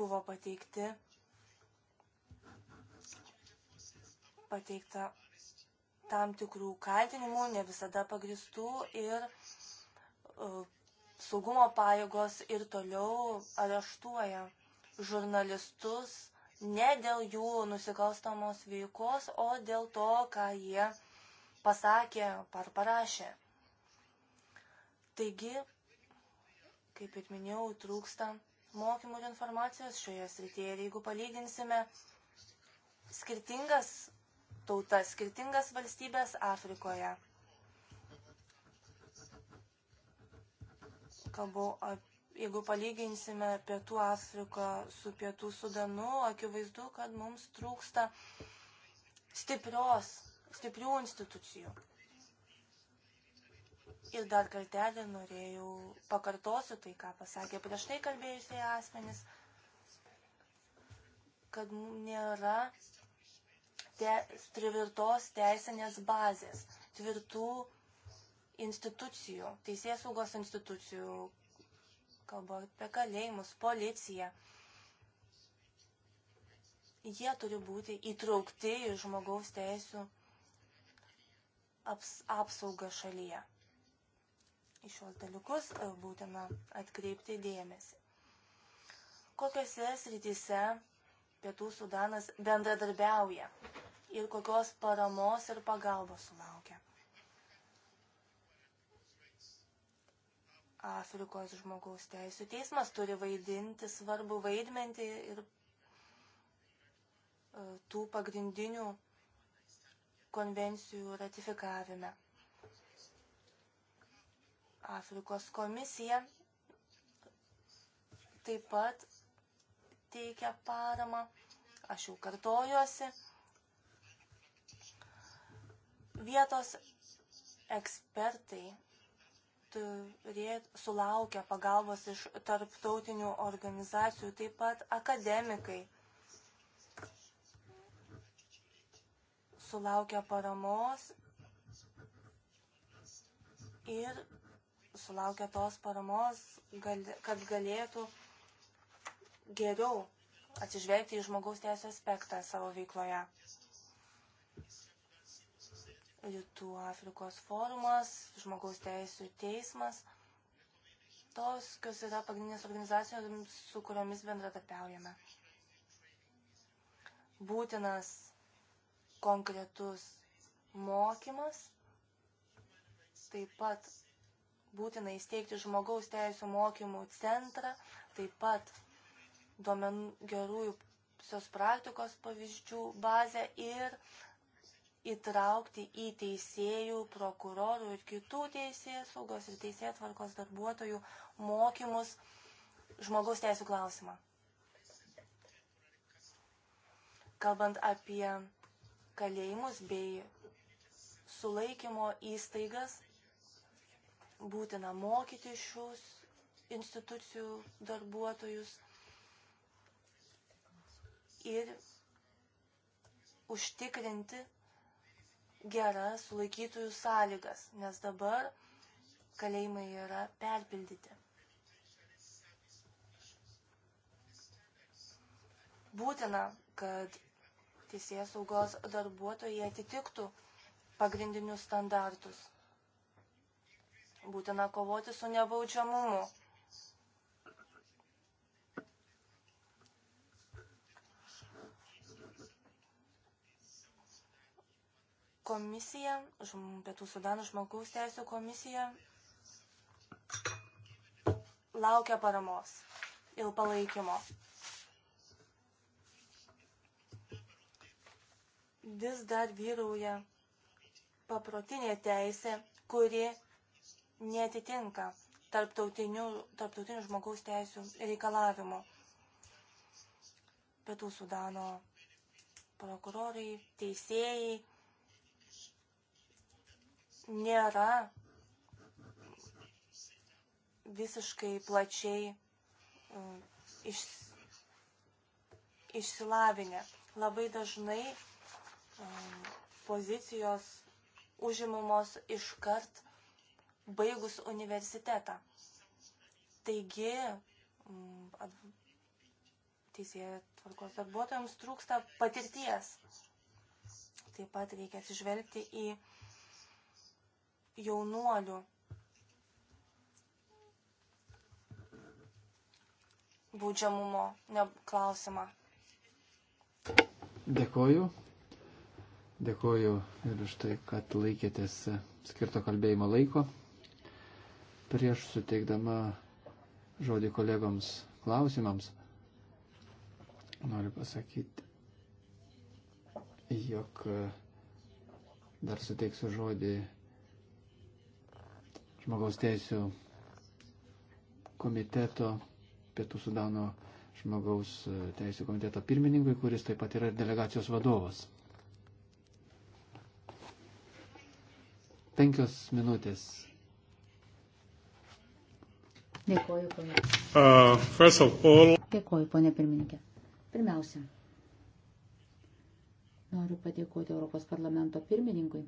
buvo pateikti pateikta tam tikrų kaltinimų, ne visada pagristų ir uh, saugumo pajėgos ir toliau areštuoja žurnalistus ne dėl jų nusikalstamos veikos, o dėl to, ką jie pasakė ar parašė. Taigi, kaip ir minėjau, trūksta mokymų ir informacijos šioje srityje. Ir jeigu palyginsime skirtingas tautas, skirtingas valstybės Afrikoje, kalbu, jeigu palyginsime Pietų Afriką su Pietų Sudanu, akivaizdu, kad mums trūksta stiprios, stiprių institucijų. Ir dar kartelį norėjau pakartosiu tai, ką pasakė prieš tai kalbėjusiai asmenys, kad nėra te, trivirtos teisinės bazės, tvirtų institucijų, teisės saugos institucijų, kalbu apie kalėjimus, policiją. Jie turi būti įtraukti į žmogaus teisų aps, apsaugą šalyje į šios dalykus e, būtina atkreipti dėmesį. Kokiose srityse Pietų Sudanas bendradarbiauja ir kokios paramos ir pagalbos sulaukia? Afrikos žmogaus teisų teismas turi vaidinti svarbu vaidmenį ir e, tų pagrindinių konvencijų ratifikavime. Afrikos komisija taip pat teikia paramą, aš jau kartojuosi. Vietos ekspertai turėt, sulaukia pagalbos iš tarptautinių organizacijų, taip pat akademikai sulaukia paramos ir sulaukia tos paramos, kad galėtų geriau atsižvelgti į žmogaus teisų aspektą savo veikloje. Rytų Afrikos forumas, žmogaus teisų teismas, tos, kas yra pagrindinės organizacijos, su kuriomis bendradarbiaujame. Būtinas konkretus mokymas, taip pat būtina įsteigti žmogaus teisų mokymų centrą, taip pat duomenų gerųjų praktikos pavyzdžių bazę ir įtraukti į teisėjų, prokurorų ir kitų teisės saugos ir teisėjų tvarkos darbuotojų mokymus žmogaus teisų klausimą. Kalbant apie kalėjimus bei sulaikymo įstaigas, būtina mokyti šius institucijų darbuotojus ir užtikrinti geras sulaikytųjų sąlygas, nes dabar kalėjimai yra perpildyti. Būtina, kad teisės saugos darbuotojai atitiktų pagrindinius standartus. Būtina kovoti su nebaudžiamumu. Komisija, Pietų Sudano žmogaus teisų komisija laukia paramos ir palaikymo. Vis dar vyrauja paprotinė teisė, kuri netitinka tarptautinių, tarptautinių žmogaus teisų reikalavimų. Pietų Sudano prokurorai, teisėjai nėra visiškai plačiai e, iš, išsilavinę. Labai dažnai e, pozicijos užimamos iškart baigus universitetą. Taigi, mm, teisėjai tvarkos darbuotojams trūksta patirties. Taip pat reikia atsižvelgti į jaunuolių būdžiamumo klausimą. Dėkoju. Dėkoju ir už tai, kad laikėtės skirto kalbėjimo laiko. Prieš suteikdama žodį kolegoms klausimams, noriu pasakyti, jog dar suteiksiu žodį žmogaus teisų komiteto, Pietų Sudano žmogaus teisų komiteto pirmininkui, kuris taip pat yra ir delegacijos vadovas. Penkios minutės Dėkoju, ponė. Uh, all... Dėkoju, ponė pirmininkė. Pirmiausia, noriu padėkoti Europos parlamento pirmininkui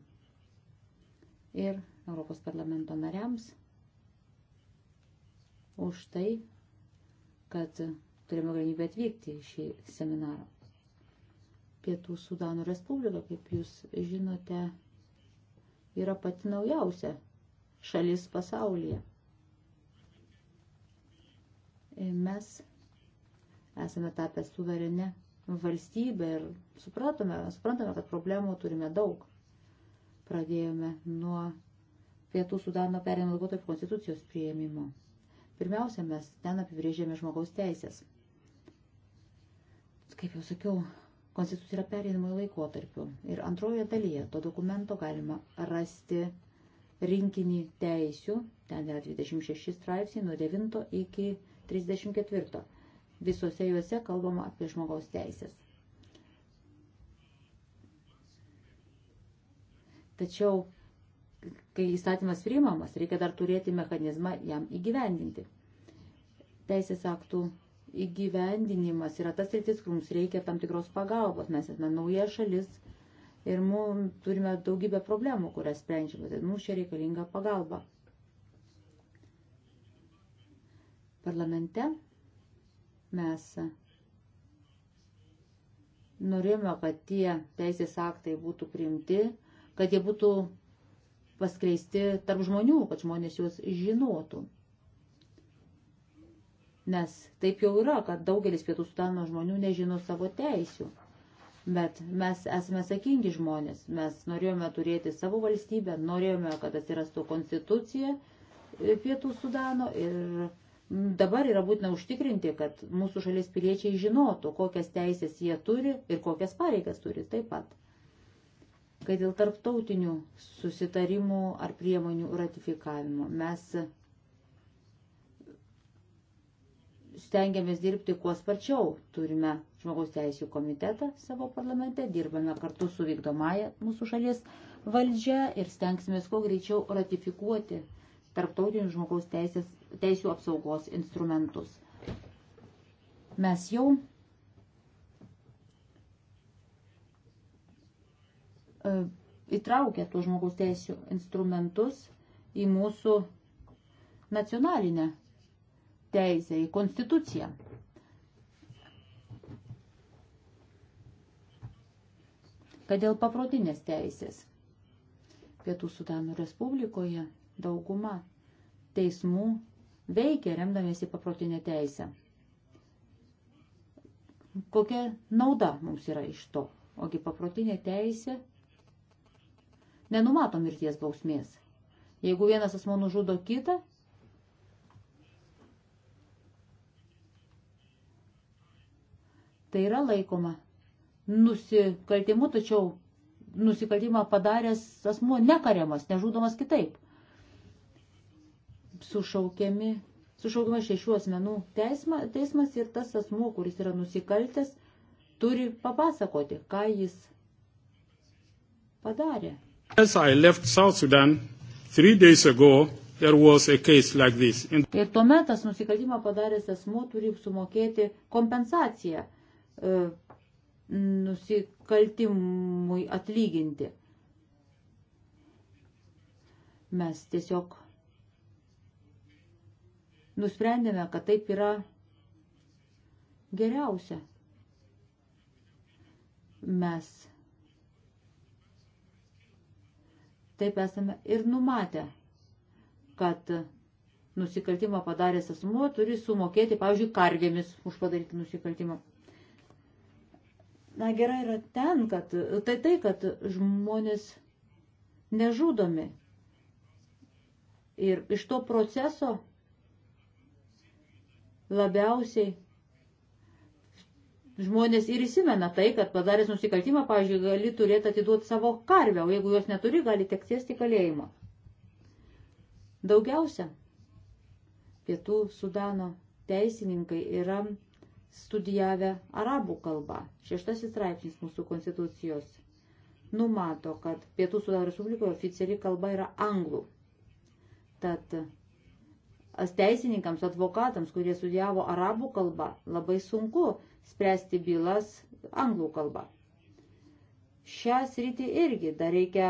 ir Europos parlamento nariams už tai, kad turime galimybę atvykti į šį seminarą. Pietų Sudano Respublika, kaip jūs žinote, yra pati naujausia šalis pasaulyje. Mes esame tapę suverenę valstybę ir supratome, suprantame, kad problemų turime daug. Pradėjome nuo pietų sudano perėmimo laikotarpio konstitucijos prieimimo. Pirmiausia, mes ten apibrėžėme žmogaus teisės. Kaip jau sakiau, konstitucija yra perėmimo laikotarpiu. Ir antroje dalyje to dokumento galima rasti rinkinį teisių. Ten yra 26 straipsniai nuo 9 iki 34. Visose juose kalbama apie žmogaus teisės. Tačiau, kai įstatymas priimamas, reikia dar turėti mechanizmą jam įgyvendinti. Teisės aktų įgyvendinimas yra tas rytis, kur mums reikia tam tikros pagalbos. Mes esame nauja šalis ir mums turime daugybę problemų, kurias sprendžiame. Tai mums čia reikalinga pagalba. parlamente mes norėjome, kad tie teisės aktai būtų priimti, kad jie būtų paskleisti tarp žmonių, kad žmonės juos žinotų. Nes taip jau yra, kad daugelis pietų sudano žmonių nežino savo teisių. Bet mes esame sakingi žmonės, mes norėjome turėti savo valstybę, norėjome, kad atsirastų konstitucija pietų sudano ir Dabar yra būtina užtikrinti, kad mūsų šalies piliečiai žinotų, kokias teisės jie turi ir kokias pareigas turi taip pat. Kai dėl tarptautinių susitarimų ar priemonių ratifikavimo mes stengiamės dirbti kuo sparčiau. Turime žmogaus teisų komitetą savo parlamente, dirbame kartu su vykdomąją mūsų šalies valdžia ir stengsimės kuo greičiau ratifikuoti tarptautinius žmogaus teisės, teisų apsaugos instrumentus. Mes jau e, įtraukia tuos žmogaus teisų instrumentus į mūsų nacionalinę teisę, į konstituciją. Kad dėl paprotinės teisės Pietų Sudano Respublikoje – dauguma teismų veikia remdamiesi paprotinę teisę. Kokia nauda mums yra iš to? Ogi paprotinė teisė nenumato mirties bausmės. Jeigu vienas asmo nužudo kitą, tai yra laikoma nusikaltimu, tačiau nusikaltimą padaręs asmuo nekariamas, nežudomas kitaip sušaukiami, sušaukiamas šešių asmenų teisma, teismas ir tas asmuo, kuris yra nusikaltęs, turi papasakoti, ką jis padarė. As I left South Sudan three days ago, there was a case like this. In... Ir tuomet tas nusikaltimą padaręs asmuo turi sumokėti kompensaciją e, nusikaltimui atlyginti. Mes tiesiog nusprendėme, kad taip yra geriausia. Mes taip esame ir numatę, kad nusikaltimą padaręs asmuo turi sumokėti, pavyzdžiui, karvėmis už padaryti nusikaltimą. Na gerai yra ten, kad tai tai, kad žmonės nežudomi. Ir iš to proceso labiausiai žmonės ir įsimena tai, kad padaręs nusikaltimą, pavyzdžiui, gali turėti atiduoti savo karvę, o jeigu jos neturi, gali teks sėsti kalėjimą. Daugiausia pietų Sudano teisininkai yra studijavę arabų kalbą. Šeštasis straipsnis mūsų konstitucijos numato, kad pietų Sudano Respublikoje oficiali kalba yra anglų. Tad teisininkams, advokatams, kurie studijavo arabų kalbą, labai sunku spręsti bylas anglų kalbą. Šią sritį irgi dar reikia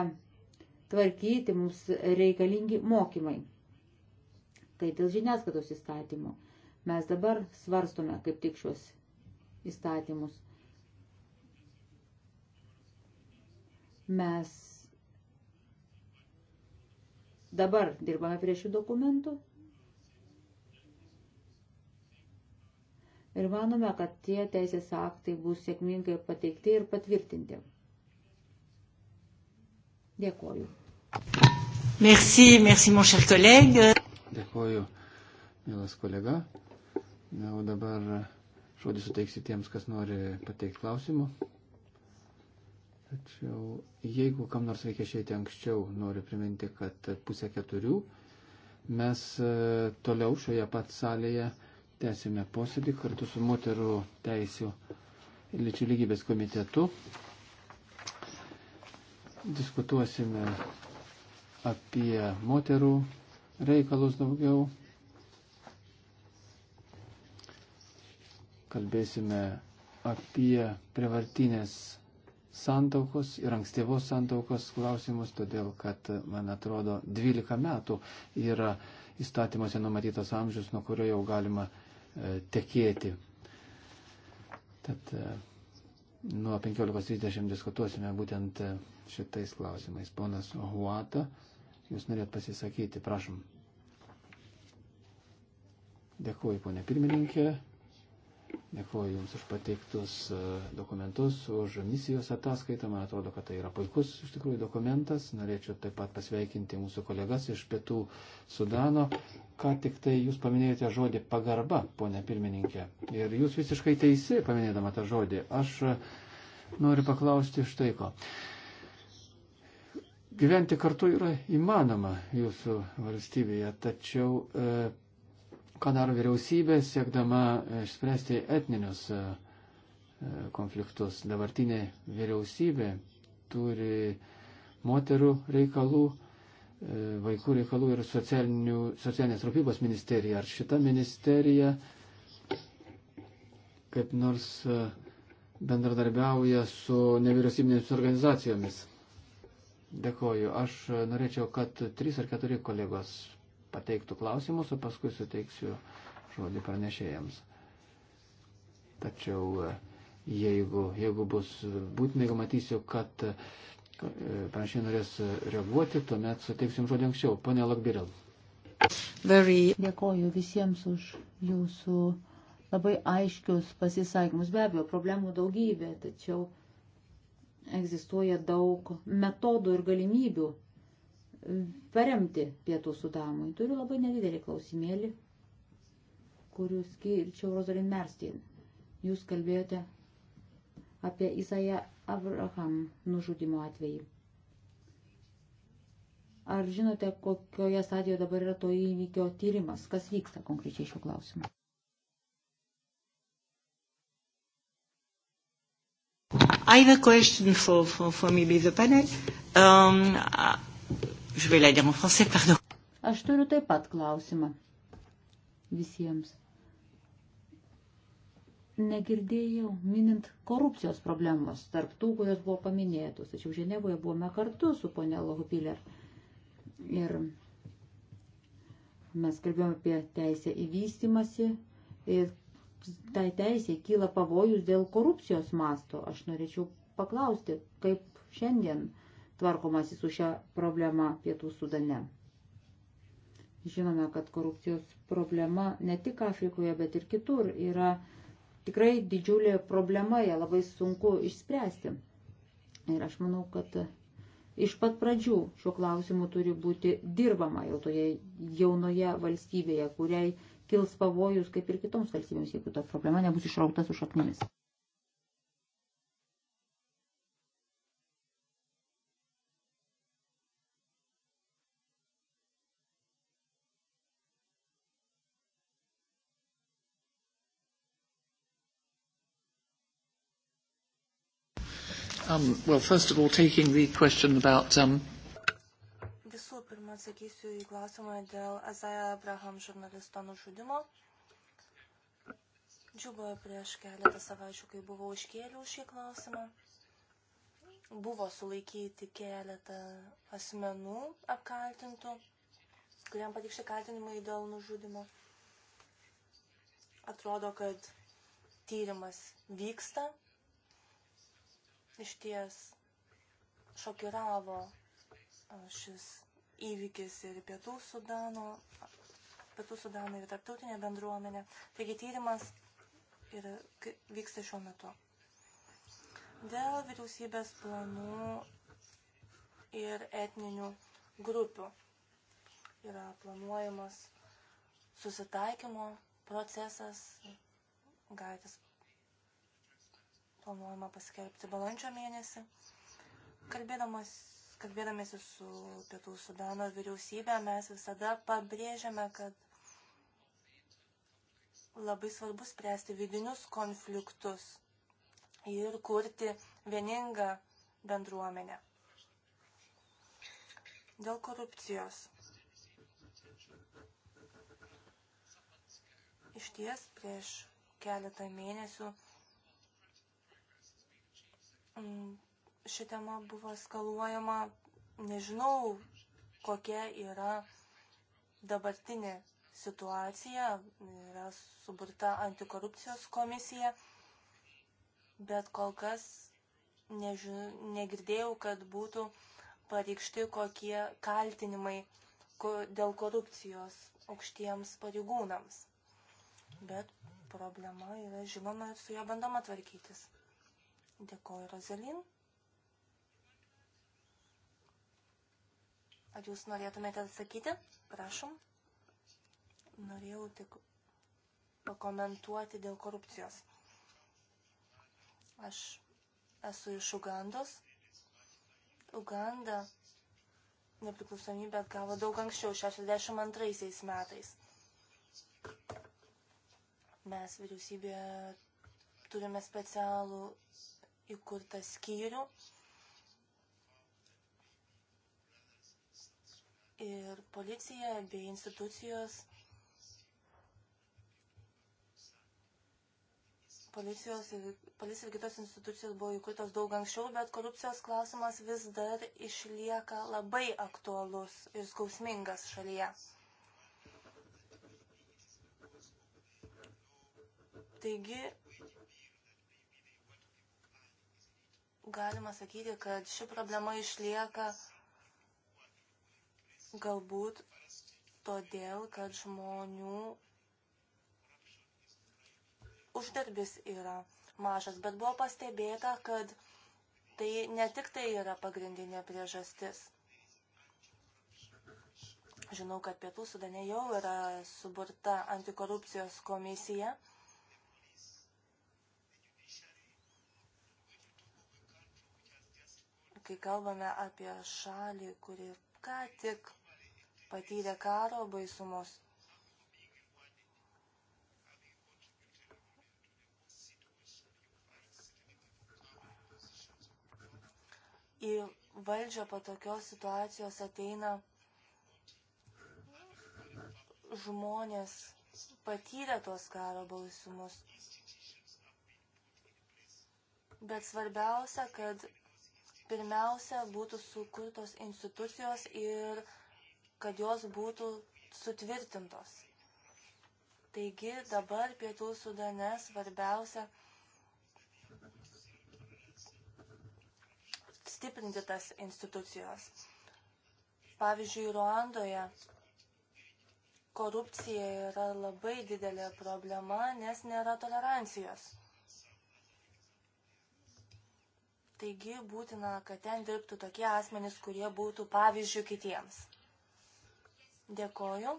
tvarkyti, mums reikalingi mokymai. Kai dėl žiniasklaidos įstatymų, mes dabar svarstome kaip tik šios įstatymus. Mes dabar dirbame prie šių dokumentų ir manome, kad tie teisės aktai bus sėkmingai pateikti ir patvirtinti. Dėkoju. Merci, merci, mon cher collègue. Dėkoju, mielas kolega. Na, o dabar žodį suteiksiu tiems, kas nori pateikti klausimų. Tačiau, jeigu kam nors reikia išėti anksčiau, noriu priminti, kad pusę keturių mes e, toliau šioje pat salėje Tęsime posėdį kartu su moterų teisų ir lyčių lygybės komitetu. Diskutuosime apie moterų reikalus daugiau. Kalbėsime apie prievartinės santaukos ir ankstyvos santaukos klausimus, todėl kad, man atrodo, 12 metų yra įstatymuose numatytas amžius, nuo kurio jau galima E, tekėti. Tad e, nuo 15.30 diskutuosime būtent e, šitais klausimais. Ponas Huata, jūs norėt pasisakyti, prašom. Dėkuoju, ponė pirmininkė. Dėkuoju Jums už pateiktus e, dokumentus, už misijos ataskaitą. Man atrodo, kad tai yra puikus iš tikrųjų dokumentas. Norėčiau taip pat pasveikinti mūsų kolegas iš Pietų Sudano. Ką tik tai Jūs paminėjote žodį pagarba, ponė pirmininkė. Ir Jūs visiškai teisi, paminėdama tą žodį. Aš e, noriu paklausti štai ko. Gyventi kartu yra įmanoma Jūsų valstybėje, tačiau. E, ką daro vyriausybė, siekdama e, išspręsti etninius e, e, konfliktus. Dabartinė vyriausybė turi moterų reikalų, vaikų reikalų ir socialinės rūpybos ministerija. Ar šita ministerija kaip nors bendradarbiauja su nevyriausybinėmis organizacijomis? Dėkoju. Aš norėčiau, kad trys ar keturi kolegos pateiktų klausimus, o paskui suteiksiu žodį pranešėjams. Tačiau e, jeigu, jeigu bus būtina, jeigu matysiu, kad e, panašiai norės reaguoti, tuomet suteiksim žodį anksčiau. Pone Lakbiril. Very... Dėkoju visiems už jūsų labai aiškius pasisakymus. Be abejo, problemų daugybė, tačiau egzistuoja daug metodų ir galimybių paremti pietų sudamui. Turiu labai nedidelį klausimėlį, kuriuo skirčiau Rosalin Merstin. Jūs kalbėjote apie Isają Abraham nužudimo atvejį. Ar žinote, kokioje stadijoje dabar yra to įvykio tyrimas? Kas vyksta konkrečiai šiuo klausimu? I have a question for, for, for maybe the panel. Um, Je vais la dire en français, pardon. Aš turiu taip pat klausimą visiems. Negirdėjau minint korupcijos problemos tarp tų, kurios buvo paminėtos. Tačiau Ženevoje buvome kartu su ponė Lohupiler. Ir mes kalbėjome apie teisę įvystimasi. Ir tai teisė kyla pavojus dėl korupcijos masto. Aš norėčiau paklausti, kaip šiandien tvarkomasi su šią problemą pietų sudane. Žinome, kad korupcijos problema ne tik Afrikoje, bet ir kitur yra tikrai didžiulė problema, ją labai sunku išspręsti. Ir aš manau, kad iš pat pradžių šiuo klausimu turi būti dirbama jau toje jaunoje valstybėje, kuriai kils pavojus kaip ir kitoms valstybėms, jeigu ta problema nebus išrauta su šaknimis. Um, well, first of all, taking the question about. Um... Visų pirma, atsakysiu į klausimą dėl Azaja Abraham žurnalisto nužudimo. Džiuboje prieš keletą savaičių, kai buvau iškėliau šį klausimą, buvo sulaikyti keletą asmenų apkaltintų, kuriam patikšti kaltinimai dėl nužudimo. Atrodo, kad tyrimas vyksta, Iš ties šokiravo šis įvykis ir Pietų Sudano, Pietų Sudano ir tarptautinė bendruomenė. Taigi tyrimas ir vyksta šiuo metu. Dėl vyriausybės planų ir etninių grupių yra planuojamas susitaikymo procesas, galite planuojama paskelbti balandžio mėnesį. Kalbėdamas, kalbėdamėsi su Pietų Sudano vyriausybė, mes visada pabrėžiame, kad labai svarbu spręsti vidinius konfliktus ir kurti vieningą bendruomenę. Dėl korupcijos. Iš ties prieš keletą mėnesių ši tema buvo skaluojama, nežinau, kokia yra dabartinė situacija, yra suburta antikorupcijos komisija, bet kol kas neži... negirdėjau, kad būtų pareikšti kokie kaltinimai dėl korupcijos aukštiems pareigūnams. Bet problema yra žinoma ir su ją bandoma tvarkytis. Dėkoju, Rozalin. Ar jūs norėtumėte atsakyti? Prašom. Norėjau tik pakomentuoti dėl korupcijos. Aš esu iš Ugandos. Uganda nepriklausomybę gavo daug anksčiau, 62 metais. Mes vyriausybėje turime specialų įkurtą skyrių. Ir policija bei institucijos policijos ir, policija ir kitos institucijos buvo įkurtos daug anksčiau, bet korupcijos klausimas vis dar išlieka labai aktuolus ir skausmingas šalyje. Taigi galima sakyti, kad ši problema išlieka galbūt todėl, kad žmonių uždarbis yra mažas, bet buvo pastebėta, kad tai ne tik tai yra pagrindinė priežastis. Žinau, kad Pietų Sudane jau yra suburta antikorupcijos komisija kai kalbame apie šalį, kuri ką tik patyrė karo baisumus. Į valdžią po tokios situacijos ateina žmonės patyrę tos karo baisumus. Bet svarbiausia, kad pirmiausia būtų sukurtos institucijos ir kad jos būtų sutvirtintos. Taigi dabar pietų sudane svarbiausia stiprinti tas institucijos. Pavyzdžiui, Ruandoje korupcija yra labai didelė problema, nes nėra tolerancijos. Taigi būtina, kad ten dirbtų tokie asmenys, kurie būtų pavyzdžių kitiems. Dėkoju.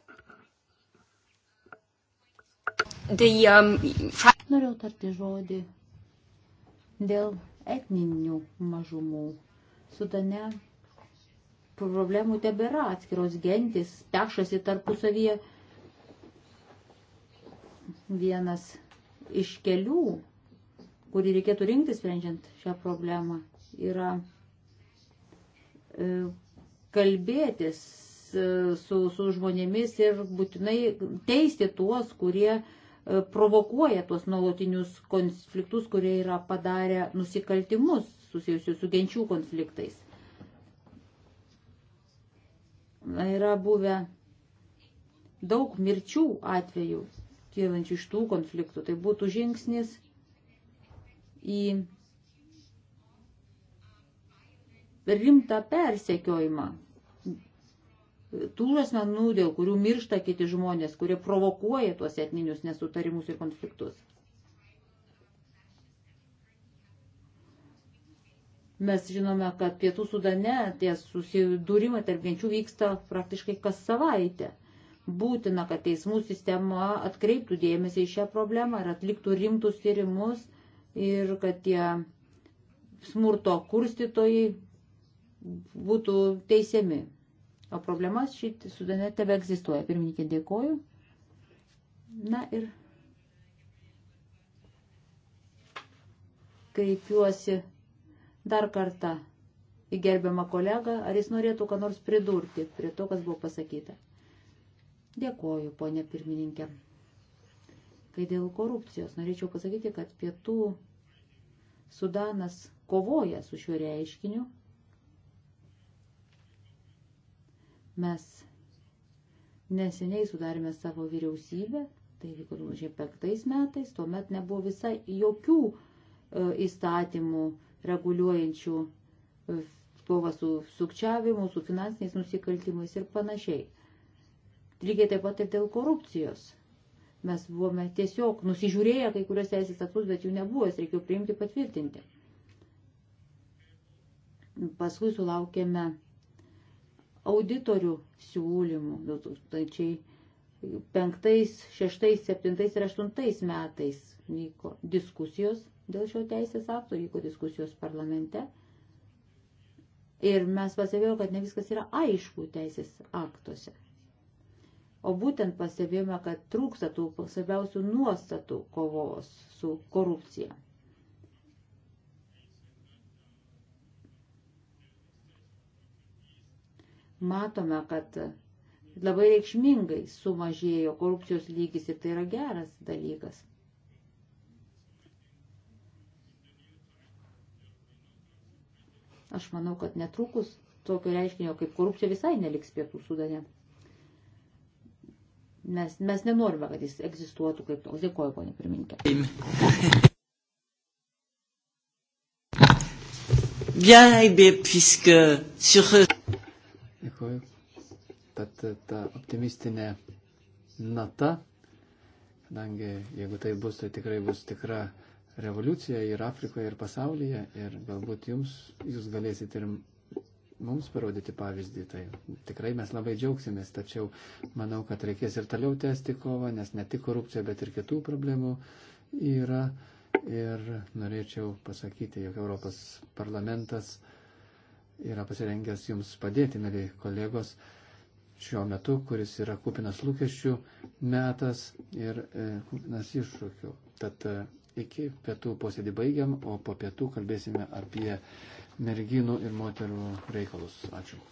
The, um, Norėjau tarti žodį dėl etninių mažumų. Sudane problemų tebėra, atskiros gentis pešasi tarpusavyje. Vienas iš kelių kurį reikėtų rinkti sprendžiant šią problemą, yra e, kalbėtis e, su, su žmonėmis ir būtinai teisti tuos, kurie e, provokuoja tuos nuolatinius konfliktus, kurie yra padarę nusikaltimus susijusius su genčių konfliktais. Yra buvę daug mirčių atvejų kylančių iš tų konfliktų. Tai būtų žingsnis į rimtą persekiojimą tų asmenų, dėl kurių miršta kiti žmonės, kurie provokuoja tuos etninius nesutarimus ir konfliktus. Mes žinome, kad pietų sudane tie susidūrimai tarp genčių vyksta praktiškai kas savaitę. Būtina, kad teismų sistema atkreiptų dėmesį į šią problemą ir atliktų rimtus tyrimus ir kad tie smurto kurstytojai būtų teisiami. O problemas šitį sudane tebe egzistuoja. Pirmininkė, dėkoju. Na ir kreipiuosi dar kartą į gerbiamą kolegą, ar jis norėtų ką nors pridurti prie to, kas buvo pasakyta. Dėkoju, ponė pirmininkė. Kai dėl korupcijos norėčiau pasakyti, kad pietų Sudanas kovoja su šiuo reiškiniu. Mes neseniai sudarėme savo vyriausybę, tai vyko 2005 metais, tuomet nebuvo visai jokių e, įstatymų reguliuojančių e, kovą su sukčiavimu, su finansiniais nusikaltimais ir panašiai. Lygiai taip pat ir dėl korupcijos. Mes buvome tiesiog nusižiūrėję kai kurios teisės aktus, bet jų nebuvo, jas reikėjo priimti patvirtinti. Paskui sulaukėme auditorių siūlymų 2005, 6, 7 ir 8 metais vyko diskusijos dėl šio teisės akto, vyko diskusijos parlamente. Ir mes pasivėjau, kad ne viskas yra aišku teisės aktuose. O būtent pastebėjome, kad trūksta tų svarbiausių nuostatų kovos su korupcija. Matome, kad labai reikšmingai sumažėjo korupcijos lygis ir tai yra geras dalykas. Aš manau, kad netrukus tokio reiškinio kaip korupcija visai neliks pietų sudane. Mes, mes nenorime, kad jis egzistuotų kaip toks. Dėkuoju, ponė pirmininkė. Bien, eh bien, puisque sur... Dėkuoju. Tad eh, ta optimistinė nata, kadangi jeigu tai bus, tai tikrai bus tikra revoliucija ir Afrikoje, ir pasaulyje, ir galbūt jums, jūs galėsite ir mums parodyti pavyzdį, tai tikrai mes labai džiaugsimės, tačiau manau, kad reikės ir toliau tęsti kovą, nes ne tik korupcija, bet ir kitų problemų yra. Ir norėčiau pasakyti, jog Europos parlamentas yra pasirengęs jums padėti, mėly kolegos, šiuo metu, kuris yra kupinas lūkesčių metas ir e, kupinas iššūkių. Tad e, iki pietų posėdį baigiam, o po pietų kalbėsime apie merginų ir moterų reikalus. Ačiū.